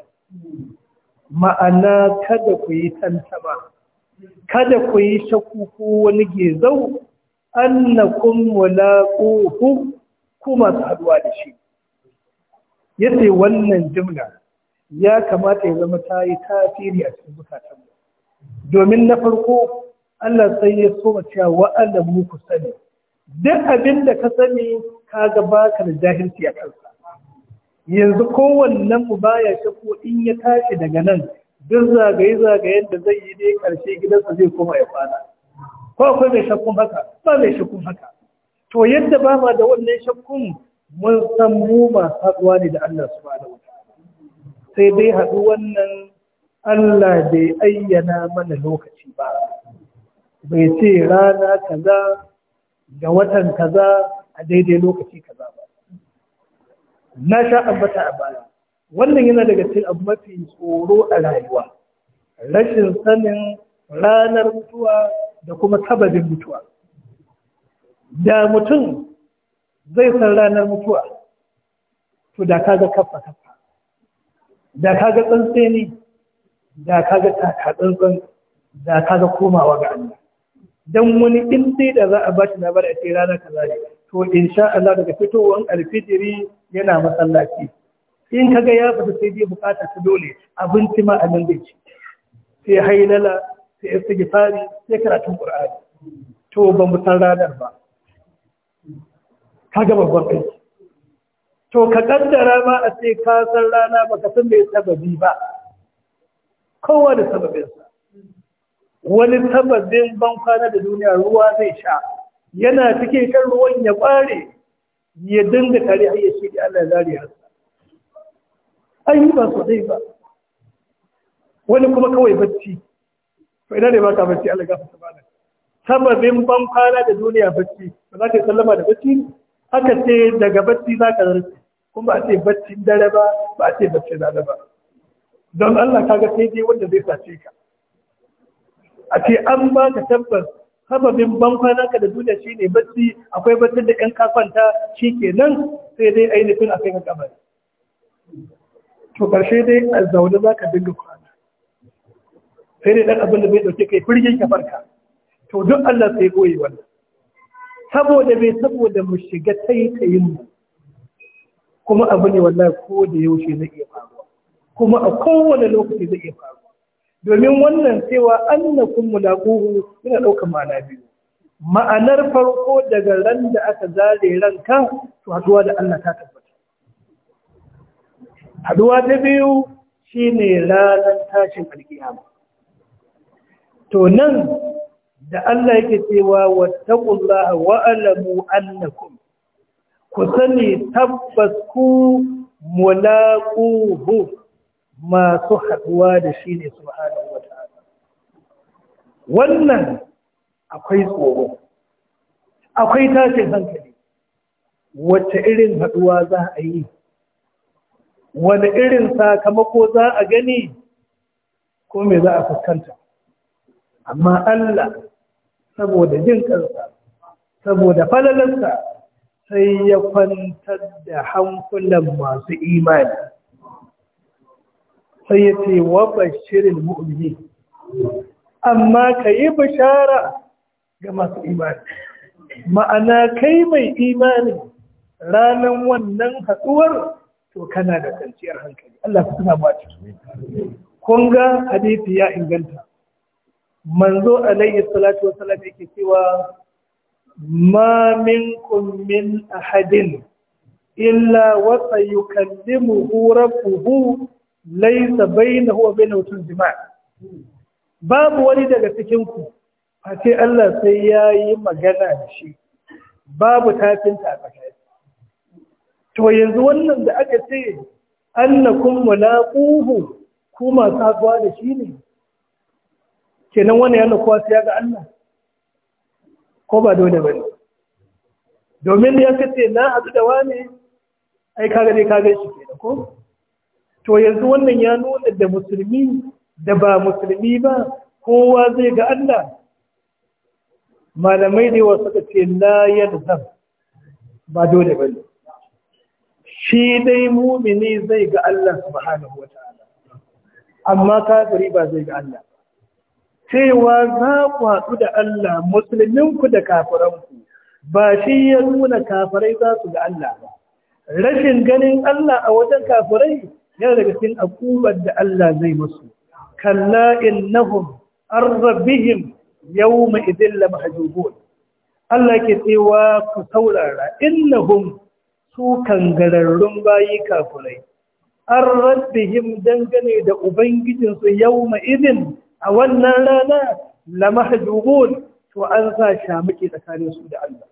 Speaker 1: ma'ana kada ku yi tantama kada ku yi shakku ko wani gezau annakum mulaquhu kuma haɗuwa da shi yace wannan jimla ya kamata ya zama ta yi tasiri a cikin bukatanmu domin na farko Allah sai ya so cewa wa'anda mu ku sani duk abin da ka sani ka ga baka da jahilci a kansa yanzu kowannen mu baya shakku in ya tashi daga nan duk zagaye zagayen da zai yi dai karshe gidansa zai koma ya kwana ko akwai mai shakkun haka ba mai shakkun haka to yadda ba ma da wannan shakkun mun san mu masu haɗuwa ne da Allah su wata sai dai haɗu wannan
Speaker 2: Allah bai
Speaker 1: ayyana mana lokaci ba bai ce rana kaza ga watan kaza a daidai lokaci kaza ba na sha ambata a baya wannan yana daga cikin abu mafi tsoro a rayuwa rashin sanin ranar mutuwa da kuma sababin mutuwa da mutum zai san ranar mutuwa to da ka ga kafa kafa da ka ga tsantseni da ga taka tsantsan da ka ga komawa ga Allah dan wani din sai da za a ba shi labar a ce ranar kaza ne to insha Allah daga fitowar alfijiri yana masallaci in ka ga ya fita sai dai bukata ta dole abinci ma nan zai ci sai hailala sai istighfari sai karatun qur'ani to ba mu san ranar ba kaga babban aiki to ka kaddara ma a ce ka san rana ba ka san mai sababi ba kowa da sababinsa wani sababin ban kwana da duniya ruwa zai sha yana cikin kan ruwan ya bare ya dinga tare har ya shi Allah zari har an yi ba dai ba wani kuma kawai bacci to idan ne ba ka bacci Allah gafarta ba sababin ban kwana da duniya bacci ba za ka sallama da bacci ne aka ce daga bacci za ka zarce kuma a ce baccin dare ba ba a ce bacci dare ba don Allah kaga sai dai wanda zai sace ka a ce an ba ka tabbas sababin bankwana ka da duniya shi ne bacci akwai baccin da 'yan kafanta shi ke nan sai dai ainihin a kai ka kamar to ƙarshe dai a zaune za ka dinga kwana sai dai ɗan abin da bai ɗauke kai firgin ka farka to duk Allah sai goyi wannan saboda bai saboda mu shiga taitayin mu kuma abu ne wallahi ko da yaushe zai iya faruwa kuma a kowane lokaci zai iya faruwa domin wannan cewa kun mulaquhu yana ɗaukar ma'ana biyu ma'anar farko daga ran da aka zare ranka to haduwa da Allah ta tabbata Haɗuwa ta biyu shine ranar tashin alkiyama to nan da Allah yake cewa wattaqullaha wa alamu annakum ku sani tabbas ku mulaquhu masu haɗuwa da shi ne subhanahu wata'ala wannan akwai tsoro akwai tashin hankali wacce irin haduwa za a yi wani irin sakamako za a gani ko me za a fuskanta amma Allah saboda jin kansa saboda falalarsa sai ya kwantar da hankulan masu imani sai ya ce wa bashirin mu'mini amma ka yi bishara ga masu imani ma'ana kai mai imani ranan wannan haɗuwar to kana da kanciyar hankali Allah ku suna ba ciki kun ga hadisi ya inganta manzo alayhi salatu wasallam yake cewa ma minkum min ahadin illa wa sayukallimuhu rabbuhu laysa bainahu wa bainahu tunjima babu wani daga cikin ku face Allah sai yayi magana da shi babu tafinta a tsakani to yanzu wannan da aka ce annakum mulaquhu kuma sabuwa da shi ne kenan wannan yana kowa siya ga Allah ko ba dole ba ne domin ya kace na haɗu da wani ai kaga ka kaga shi kenan ko to yanzu wannan ya nuna da musulmi da ba musulmi ba kowa zai ga Allah malamai ne wasu da ce la zan ba dole ba ne shi dai mumini zai ga Allah subhanahu wa ta'ala amma kafiri ba zai ga Allah cewa za ku haɗu da Allah musulminku da kafiranku ba shi ya nuna kafirai za su ga Allah ba rashin ganin Allah a wajen kafirai yana daga cikin akubar da Allah zai musu kalla innahum an yau yawma idin mahjubun Allah ke cewa ku saurara innahum su kan kangararrun bayi kafirai an rabbihim dangane da ubangijinsu yawma idin a wannan rana la mahjubun to an sa shamuke tsakanin su da Allah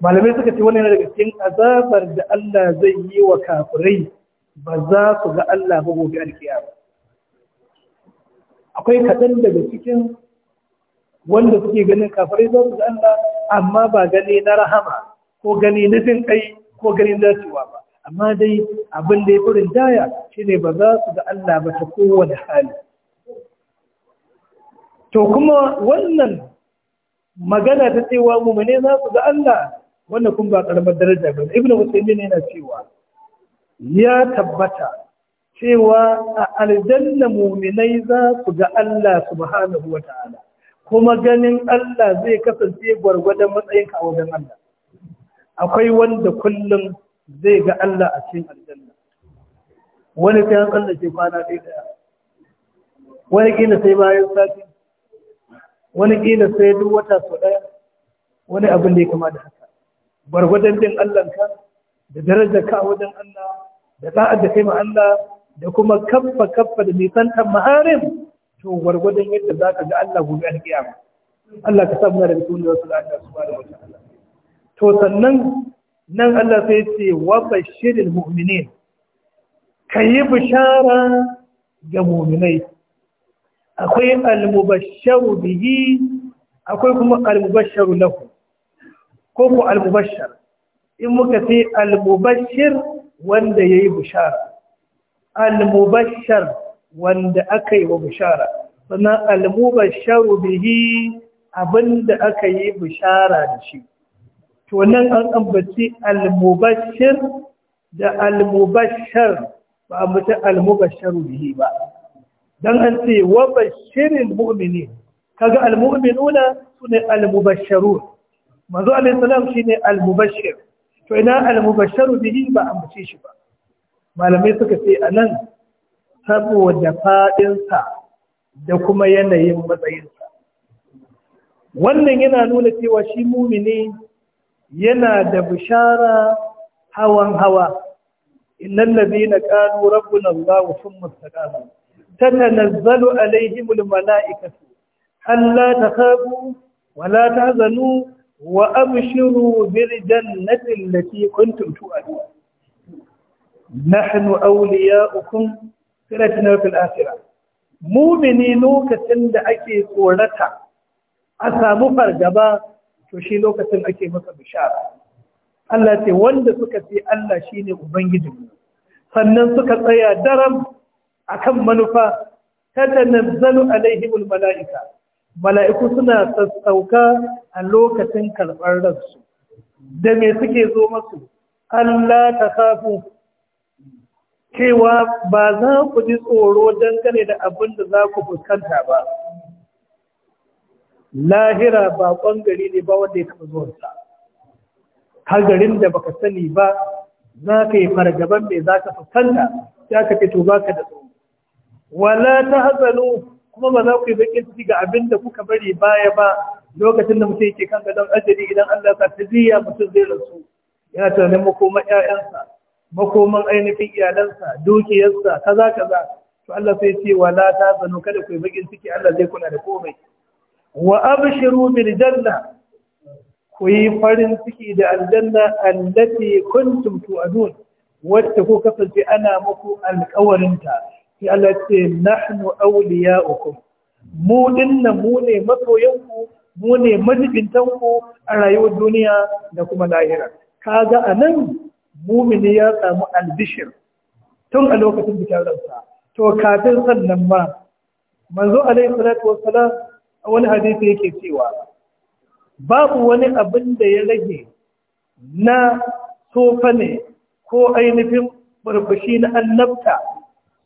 Speaker 1: malamai suka ce wannan daga cikin azabar da Allah zai yi wa kafirai ba za su ga Allah ba gobe alkiyama akwai kaɗan daga cikin wanda suke ganin kafirai za su ga Allah amma ba gani na rahama ko gani na jin kai ko gane na cewa ba amma dai abin da ya fi rinjaya shine ba za su ga Allah ba ta kowane hali to kuma wannan magana ta cewa mumune za su ga Allah wannan kun ba karamar daraja ba ibnu usaymin yana cewa ya tabbata cewa a aljanna muminai za su ga Allah subhanahu ta'ala. kuma ganin Allah zai kasance gwargwadon matsayin a wajen Allah akwai wanda kullum zai ga Allah a cikin aljanna wani ta tsallake kwana ɗaya wani kila sai bayan sati wani kila sai duk wata sau ɗaya wani abin da ya kama da haka bargwadon din ka da darajar ka wajen Allah da da'ar da kai ma Allah da kuma kaffa kaffa da nisantar maharim to gwargwadon yadda za ka ga Allah gobe kiyama Allah ka sa muna da cikin da wasu su da to sannan nan Allah sai ce wa bashirin mu'minin ka yi bishara ga mu'minai akwai almubasharu bihi akwai kuma almubasharu lahu ko ku almubashar in muka ce almubashir wanda ya yi bishara almubashar wanda aka yi wa bishara sannan almubasharu bihi abinda aka yi bishara da shi to an ambaci almubashir da almubashar ba a mutu almubasharu bihi ba dan an ce wa bashirin mu'mini kaga almu'minuna sune almubashshirun manzo alayhi salam shine almubashshir to ina almubashsharu bihi ba ambace shi ba malamai suka ce anan saboda fadinsa da kuma yanayin matsayinsa wannan yana nuna cewa shi mumini yana da bishara hawan hawa innal ladina qalu rabbuna allah thumma istaqamu تتنزل عليهم الملائكة
Speaker 2: ألا تخافوا
Speaker 1: ولا تحزنوا وأبشروا بالجنة التي كنتم تؤمنون نحن أولياؤكم
Speaker 2: في الدنيا وفي الآخرة
Speaker 1: mumini lokacin da ake tsorata a samu fargaba to shi lokacin ake masa bishara Allah ce wanda suka ce Allah shine ubangijinmu
Speaker 2: sannan suka
Speaker 1: tsaya daram akan manufa tatanazzalu alaihimul mala'ika mala'iku suna sassauka a lokacin karɓar ransu da me suke zo masu Allah ta safu cewa ba za ku ji tsoro dangane da abin da za ku fuskanta ba lahira ba gari ne ba wanda ya taɓa zuwansa har garin da baka sani ba za ka yi fargaban mai za ka fuskanta ya ka fito ba da tsoro wala ta tahzanu kuma ba za ku yi bakin ciki ga abin da kuka bari baya ba lokacin da mutum yake kan gadon ajali idan Allah Ta taziya mutum zai rasu yana tunanin makoman ƴaƴansa makoman ainihin iyalansa dukiyarsa kaza kaza to Allah sai ce wala ta zano kada ku yi bakin ciki Allah zai kula da komai wa abshiru bil janna ku yi farin ciki da aljanna allati kuntum tu'adun wacce ko kasance ana muku ta. sai Allah ce nahnu awliya'ukum mu dinna mu ne masoyanku mu ne majibintanku a rayuwar duniya da kuma lahira kaga anan mumini ya samu albishir tun a lokacin bikin ransa to kafin sannan ma manzo alaihi salatu wassalam a wani hadisi yake cewa babu wani abin da ya rage na tsofane ne ko ainihin burbushi na annabta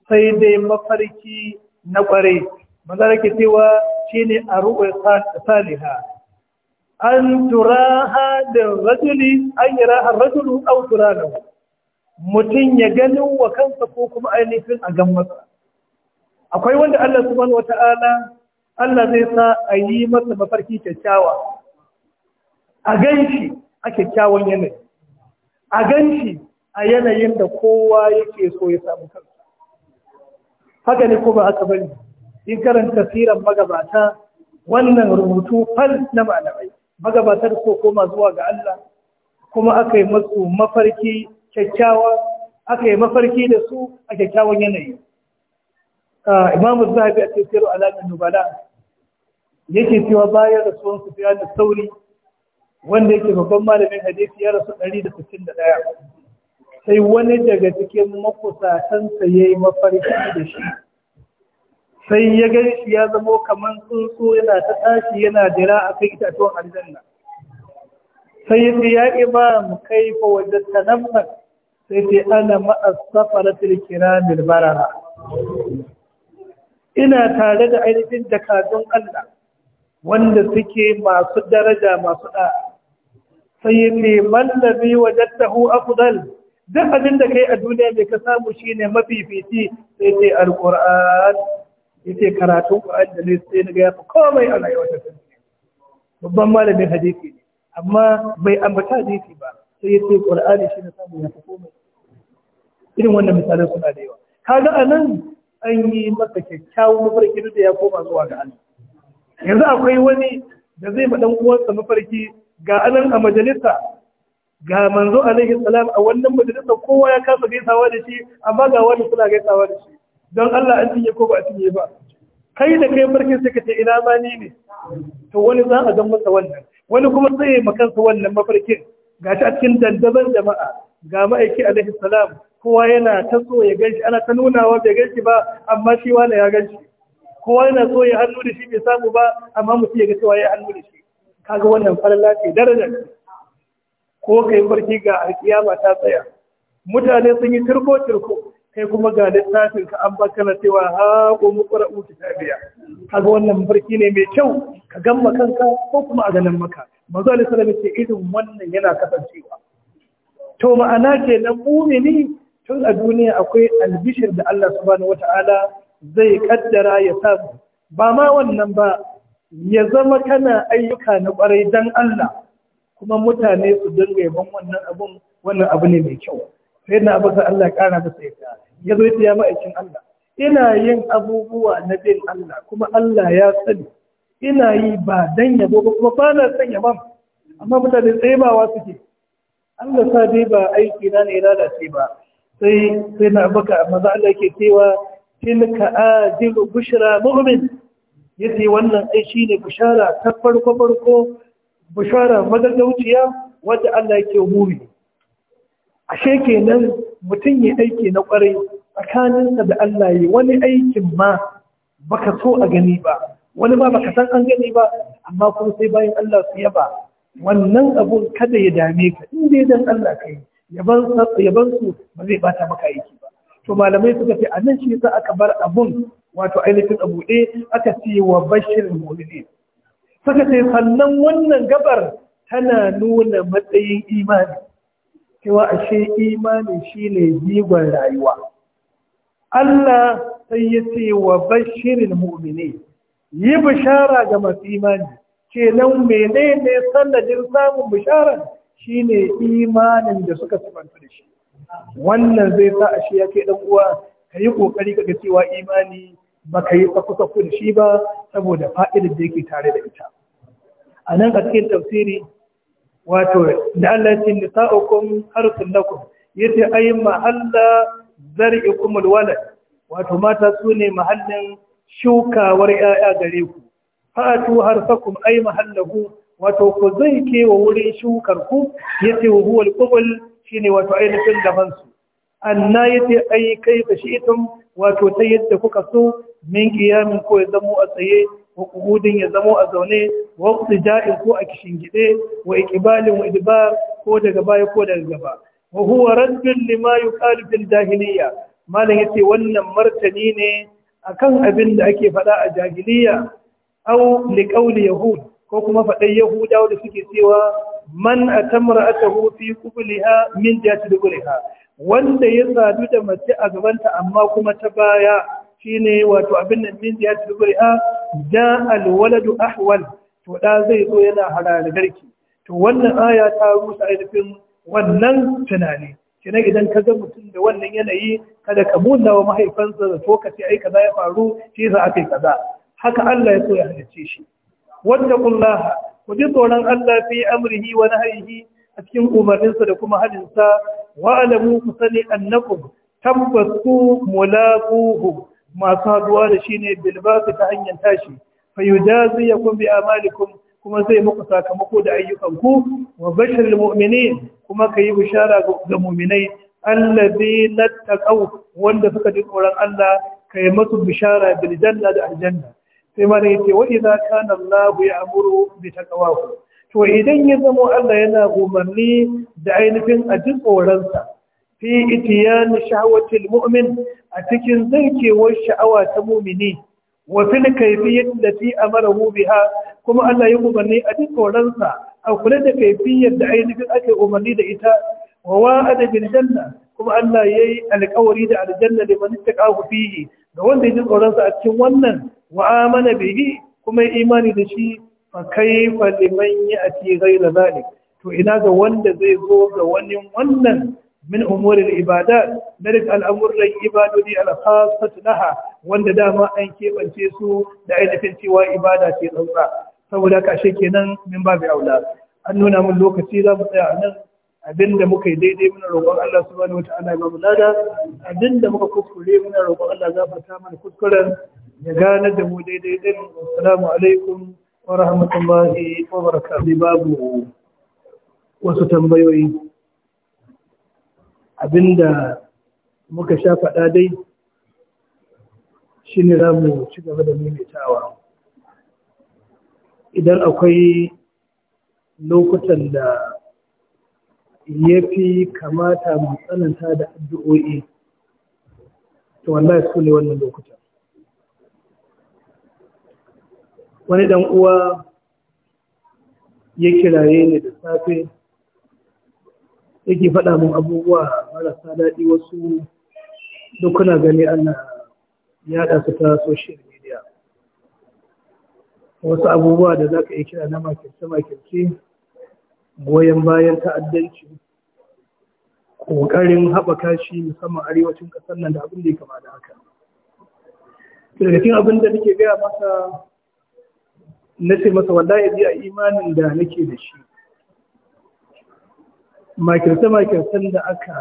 Speaker 1: sai dai mafarki na kwarai manzara ke cewa ne a ruwa saliha an turaha da rajuli an yi rahar rajulu au turanahu mutum ya ganin wa kansa ko kuma ainihin a gan masa akwai wanda Allah subhanahu wata'ala Allah zai sa a yi masa mafarki kyakkyawa a gan shi a kyakkyawan yanayi a gan shi a yanayin da kowa yake so ya samu kansa haka ne ko ba bari, in karanta siran magabata wannan rubutu fal na malamai magabatar ko koma zuwa ga Allah kuma aka yi masu mafarki kyakkyawa aka yi mafarki da su a kyakkyawan yanayi imam zahabi a tafsiru alamin nubala yake cewa bayan rasuwan su fiya da sauri wanda yake babban malamin hadisi ya rasu 161 sai wani daga cikin makusatansa ya yi mafarki da shi sai ya gan shi ya zamo kamar tsuntsu yana ta tashi yana jira a kai tuwon aljanna sai ya ce ya ba mu kai fa wajen nan sai ce ana ma'as safaratul kiramil ina tare da ainihin jakadun Allah wanda suke masu daraja masu da sai ya ce mallabi wajattahu afdal duk abin da kai a duniya mai ka samu shi shine mafifici sai ce Ya ce karatun qur'an da ne sai na ga komai a rayuwar ta babban malamin hadisi ne amma bai ambata hadisi ba sai ya ƙura'an shi na samu fi komai irin wannan misalin suna da yawa kaga anan an yi masa kyakkyawan mafarki da ya koma zuwa ga Allah yanzu akwai wani da zai ba ɗan uwansa mafarki ga anan a majalisa ga manzo alaihi salam a wannan majalisa kowa ya kasa gaisawa da shi amma ga wani suna gaisawa da shi don Allah an cinye ko ba a cinye ba kai da kai farkin suka ce ina ma ni ne to wani za a zan masa wannan wani kuma sai makansa wannan mafarkin ga shi a cikin dandaban jama'a ga ma'aiki alaihi salam kowa yana ta so ya ganshi ana ta nunawa bai ganshi ba amma shi wani ya ganshi kowa yana so ya hannu da shi bai samu ba amma mutum ya ga cewa ya hannu da shi kaga wannan falala ce darajar? ko ka yi barci ga alkiyama ta tsaya mutane sun yi turko turko kai kuma ga littafin ka an baka na cewa ha ko mu ta biya. kaga wannan barci ne mai kyau ka gamma kanka ko kuma a ganin maka manzo Allah salamu ce irin wannan yana kasancewa to ma'ana kenan mumini tun a duniya akwai albishir da Allah subhanahu wata'ala zai kaddara ya samu ba ma wannan ba ya zama kana ayyuka na kwarai dan Allah kuma mutane su dinga yabon wannan abun wannan abu ne mai kyau sai na abu sai Allah ya kara masa yadda ya zo ya ma'aikin Allah ina yin abubuwa na bin Allah kuma Allah ya sani ina yi ba dan yabo ba kuma ba na san yabon amma mutane tsayawa suke Allah sa dai ba aiki na ne lalace ba sai sai na baka maza Allah yake cewa tilka ajilu bushra mu'min yace wannan ai shine bushara ta farko farko bishara madadauciya wadda Allah yake muri ashe kenan mutum ya aiki na kwarai tsakaninsa da Allah yi wani aikin ma baka so a gani ba wani ma baka san an gani ba amma kuma sai bayan Allah su yaba wannan abun kada ya dame ka in dai dan Allah kai yaban yaban su ba zai bata maka aiki ba to malamai suka ce nan shi a aka bar abun wato ainihin abu ɗaya aka ce wa bashir mu'minin suka ce sannan wannan gabar tana nuna matsayin imani cewa ashe imani shine jigon rayuwa Allah sai ya ce wa bashirin mu'mini yi bishara ga masu imani ce nan menene sanadin samun bishara shine imanin da suka sifanta da shi wannan zai sa ashe yake dan uwa ka yi kokari kaga cewa imani baka yi saku da shi ba saboda fa'idar da yake tare da ita a nan a cikin tafsiri wato da Allah ce nisa'ukum harsun ya ce ayin mahalla zar'ikum wato mata su ne mahallin shukawar 'ya'ya gare ku fa'atu har ai mahalla mahallahu wato ku zai kewa wurin shukar ku yace huwa shi ne wato ainihin gabansu anna yace ai kai shi shi'tum wato ta yadda kuka so min qiyamin ko ya zamo a tsaye wa kuhudin ya zamo a zaune wa ja'in ko a kishingide wa ikibalin wa idbar ko daga baya ko daga gaba wa huwa raddun lima yuqalu fil malam yace wannan martani ne akan abin da ake faɗa a jahiliya aw liqawli yahud ko kuma faɗai yahudawa da suke cewa man atamra atahu fi qubliha min jati dubliha wanda ya sadu da mace a gabanta amma kuma ta baya shine wato abin nan min ya tubri a da ah, alwaladu ahwal to da zai zo yana harare garki to wannan aya ta rusa ainihin wannan tunani kina idan ka ga mutum da wannan yanayi kada ka muna wa mahaifansa da to kace ai kaza ya faru shi za a kai kaza haka Allah ya so ya halicce shi wattaqullaha ku ji tsoron Allah fi amrihi wa nahyihi a cikin umarninsa da kuma halinsa wa'alamu ku sani annakum tabbas ku mulaquhu masu haduwa da shi ne bilbasu ta hanyar tashi fa ya yakum bi amalikum kuma zai muku sakamako da ayyukanku wa bashirul mu'minin kuma kayi bishara ga mu'minai allazina taqaw wanda suka ji tsoron Allah kai masu bishara biljanna da aljanna sai mana ne yace wa idza ya Allah bi taqwahu to idan ya zamo Allah yana umarni da ainihin a ji tsoronsa fi itiyani shahawatil mu'min a cikin zarkewar sha'awa ta mumini wa fil kayfiyyat lati amarahu biha kuma Allah ya umarni a ji tsoronsa a kula da kayfiyyar da ainihin ake umarni da ita wa wa'ada bil janna kuma Allah yayi alƙawari da aljanna liman ittaqahu fihi ga wanda ya ji tsoronsa a cikin wannan wa amana bihi kuma imani da shi fa kaifa liman ya'ti ghayra zalik to ina ga wanda zai zo ga wani wannan min umurin ibada na duk al'amuran ibadodi alhassat laha wanda dama an keɓance su da ainihin cewa ibada ce tsantsa saboda she kenan min babu aula an nuna mun lokaci za mu tsaya a nan abinda muka yi daidai muna roƙon Allah subhanahu wa ta'ala ya mu abinda muka kuskure muna roƙon Allah ta mana kuskuren
Speaker 2: ya gane da mu
Speaker 1: daidai din assalamu alaikum wa rahmatullahi wa barakatuh babu wasu tambayoyi abinda muka sha faɗa dai shine za mu ci gaba da maimaitawa idan akwai lokutan da ya fi kamata mu tsananta da addu'o'i to wallahi su ne wannan lokutan wani dan uwa ya kiraye ni da safe yake faɗa min abubuwa marasa daɗi wasu duk kuna gani ana yaɗa su ta social media wasu abubuwa da za ka iya kira na makirce-makirce goyon bayan ta'addanci ƙoƙarin haɓaka shi musamman arewacin ƙasar nan da abin da ya kama da haka daga abin da nake gaya masa na ce masa wallahi ji a imanin da nake da shi makirce-makircen da aka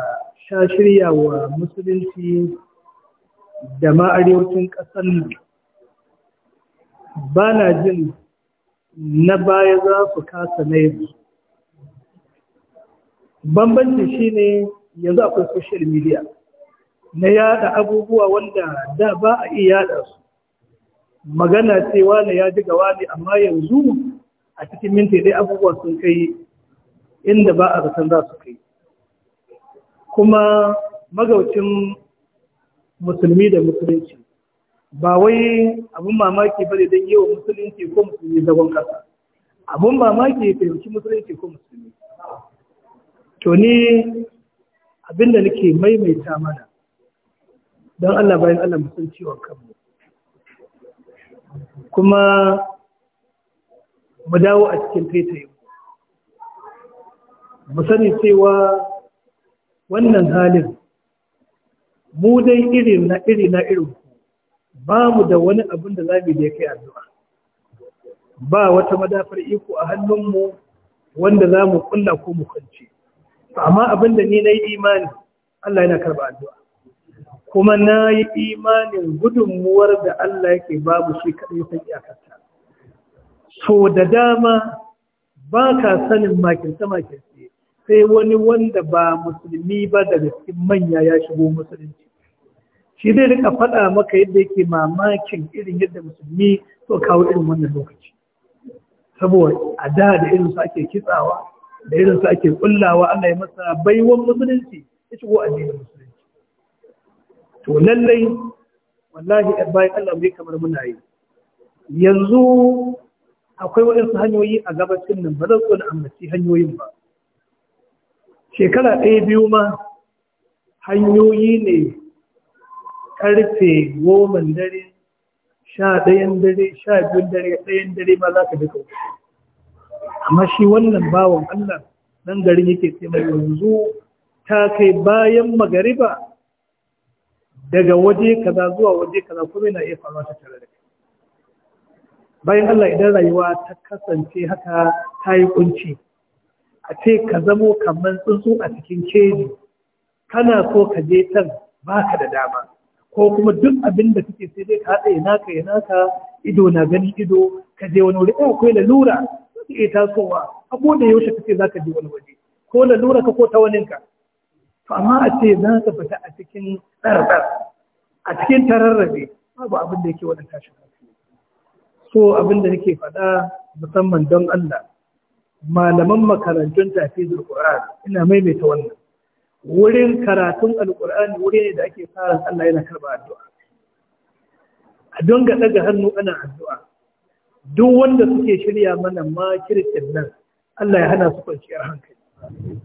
Speaker 1: sha shirya wa musulunci da ma arewacin ƙasar ba na jin na baya za su kasa na yanzu bambanci ne yanzu akwai social media na yada abubuwa wanda da ba a iya yada su
Speaker 2: magana ce
Speaker 1: wane ya ji gawa ne amma yanzu a cikin minti dai abubuwa sun kai inda ba a zaton za su kai kuma magaucin musulmi da musulunci ba wai abin mamaki bane don yi wa musulunci ko musulmi zagon kasa abin mamaki ya fahimci musulunci ko musulmi to ni abinda nake maimaita mana don Allah bayan Allah musulunci wa kanmu kuma mu dawo a cikin taitayi mu sani cewa wannan halin mu dai irin na iri na irin ba mu da wani abin da zamu da ya kai addu'a ba wata madafar iko a hannun mu wanda za mu kulla ko mu kwanci amma abin da ni na yi imani Allah yana karba addu'a kuma na yi imanin gudunmuwar da Allah yake babu shi kaɗai sanya iyakarta. So da dama ba ka sanin makinta-makinta sai wani wanda ba musulmi ba daga cikin manya ya shigo musulunci. Shi zai rika faɗa maka yadda yake mamakin irin yadda musulmi so kawo irin wannan lokaci. Saboda a da da irinsu ake kitsawa, da irinsu ake kullawa Allah ya masa baiwan musulunci ya shigo addinin musulunci. to lallai wallahi ɗan bayan Allah mai kamar muna yi yanzu akwai waɗansu hanyoyi a gabacin nan ba zan so na hanyoyin ba shekara ɗaya biyu ma hanyoyi ne ƙarfe goma dare sha ɗayan dare sha biyun dare ɗayan dare ma za ka bi amma shi wannan bawan Allah nan garin yake ce mai yanzu ta kai bayan magariba daga waje kaza zuwa waje kaza kuma yana iya faruwa ta tare da kai bayan Allah idan rayuwa ta kasance haka ta yi kunci a ce ka zamo kamar tsuntsu a cikin keji kana so ka je can baka da dama ko kuma duk abin da kake sai dai ka haɗa yana ka yana ka ido na gani ido ka je wani wuri akwai lalura za iya tasowa a da yaushe kake zaka je wani waje ko lalura ka ko ta waninka to amma a ce za ta fita a cikin tsartsar a cikin tararrabe babu abin da yake waɗanta shi so abin da nake faɗa musamman don Allah malaman makarantun da Qur'an ina maimaita wannan wurin karatun Alƙur'ani wuri ne da ake fara Allah yana karba addu'a a dinga daga hannu ana addu'a duk wanda suke shirya mana makircin nan Allah ya hana su kwanciyar hankali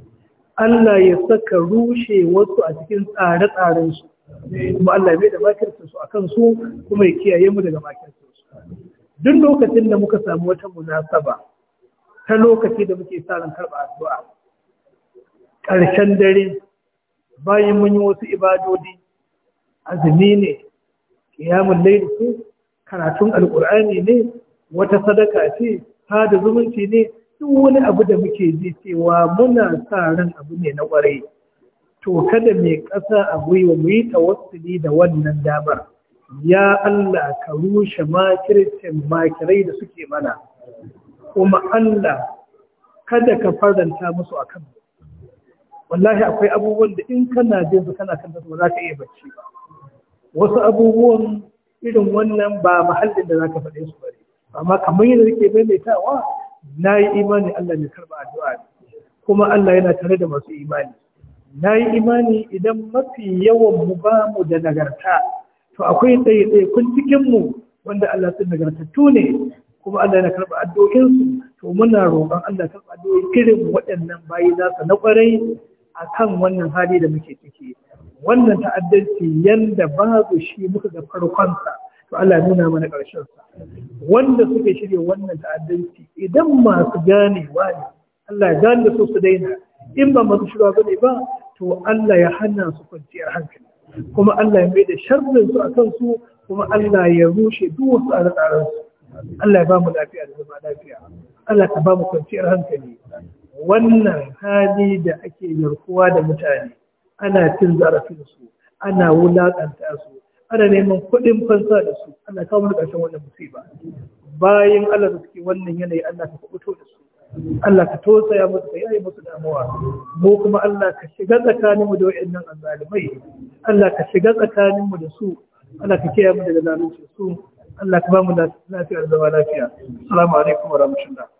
Speaker 1: Allah ya saka rushe wasu a cikin tsare su kuma Allah ya mai da su a kansu kuma ya kiyaye mu daga su. duk lokacin da muka samu wata munasaba ta lokaci da muke sa ran karɓa addu'a ƙarshen dare bayan mun yi wasu ibadodi azumi ne kiyamun laifin su, karatun alƙur'ani ne wata sadaka ce hada zumunci ne duk wani abu da muke ji cewa muna sa ran abu ne na ƙwarai to kada mai ƙasa a gwiwa mu yi tawassuli da wannan damar ya Allah ka rushe makircin makirai da suke mana kuma Allah kada ka faranta musu a kan wallahi akwai abubuwan da in kana jin su kana kan ba za ka iya bacci ba wasu abubuwan irin wannan ba mahallin da za ka faɗe su bare amma kamar yadda nake maimaitawa na yi imani Allah mai karba addu'a kuma Allah yana tare da masu imani na yi imani idan mafi yawan mu ba mu da nagarta to akwai tsaye tsaye kun cikin mu wanda Allah sun nagartattu ne kuma Allah yana karba addu'o'insu to muna roƙon Allah karba addu'o'i. kirin waɗannan bayi za su na a kan wannan hali da muke ciki wannan ta'addanci yanda babu shi muka ga farkonsa to Allah nuna mana ƙarshen sa wanda suke shirya wannan ta'addanci idan masu ganewa ne Allah ya gane su su daina in ba masu shirya bane ba to Allah ya hana su kwanciyar hankali kuma Allah ya mai da sharrin su akan su kuma Allah ya rushe duk wasu alƙarar su Allah ya ba mu lafiya da zama lafiya Allah ka ba mu kwanciyar hankali wannan hali da ake yarkuwa da mutane ana cin zarafin su, ana wulaƙanta su ana neman kuɗin fansa da su Allah kawo mu ƙarshen wannan musiba bayan Allah da suke wannan yanayi Allah ka kuɓuto da su Allah ka ya musu ka yayi musu damuwa mu kuma Allah ka shiga tsakaninmu da wayannan azalimai Allah ka shiga tsakaninmu da su Allah ka kiyaye mu daga zalunci su Allah ka ba mu da zama lafiya assalamu alaikum wa rahmatullah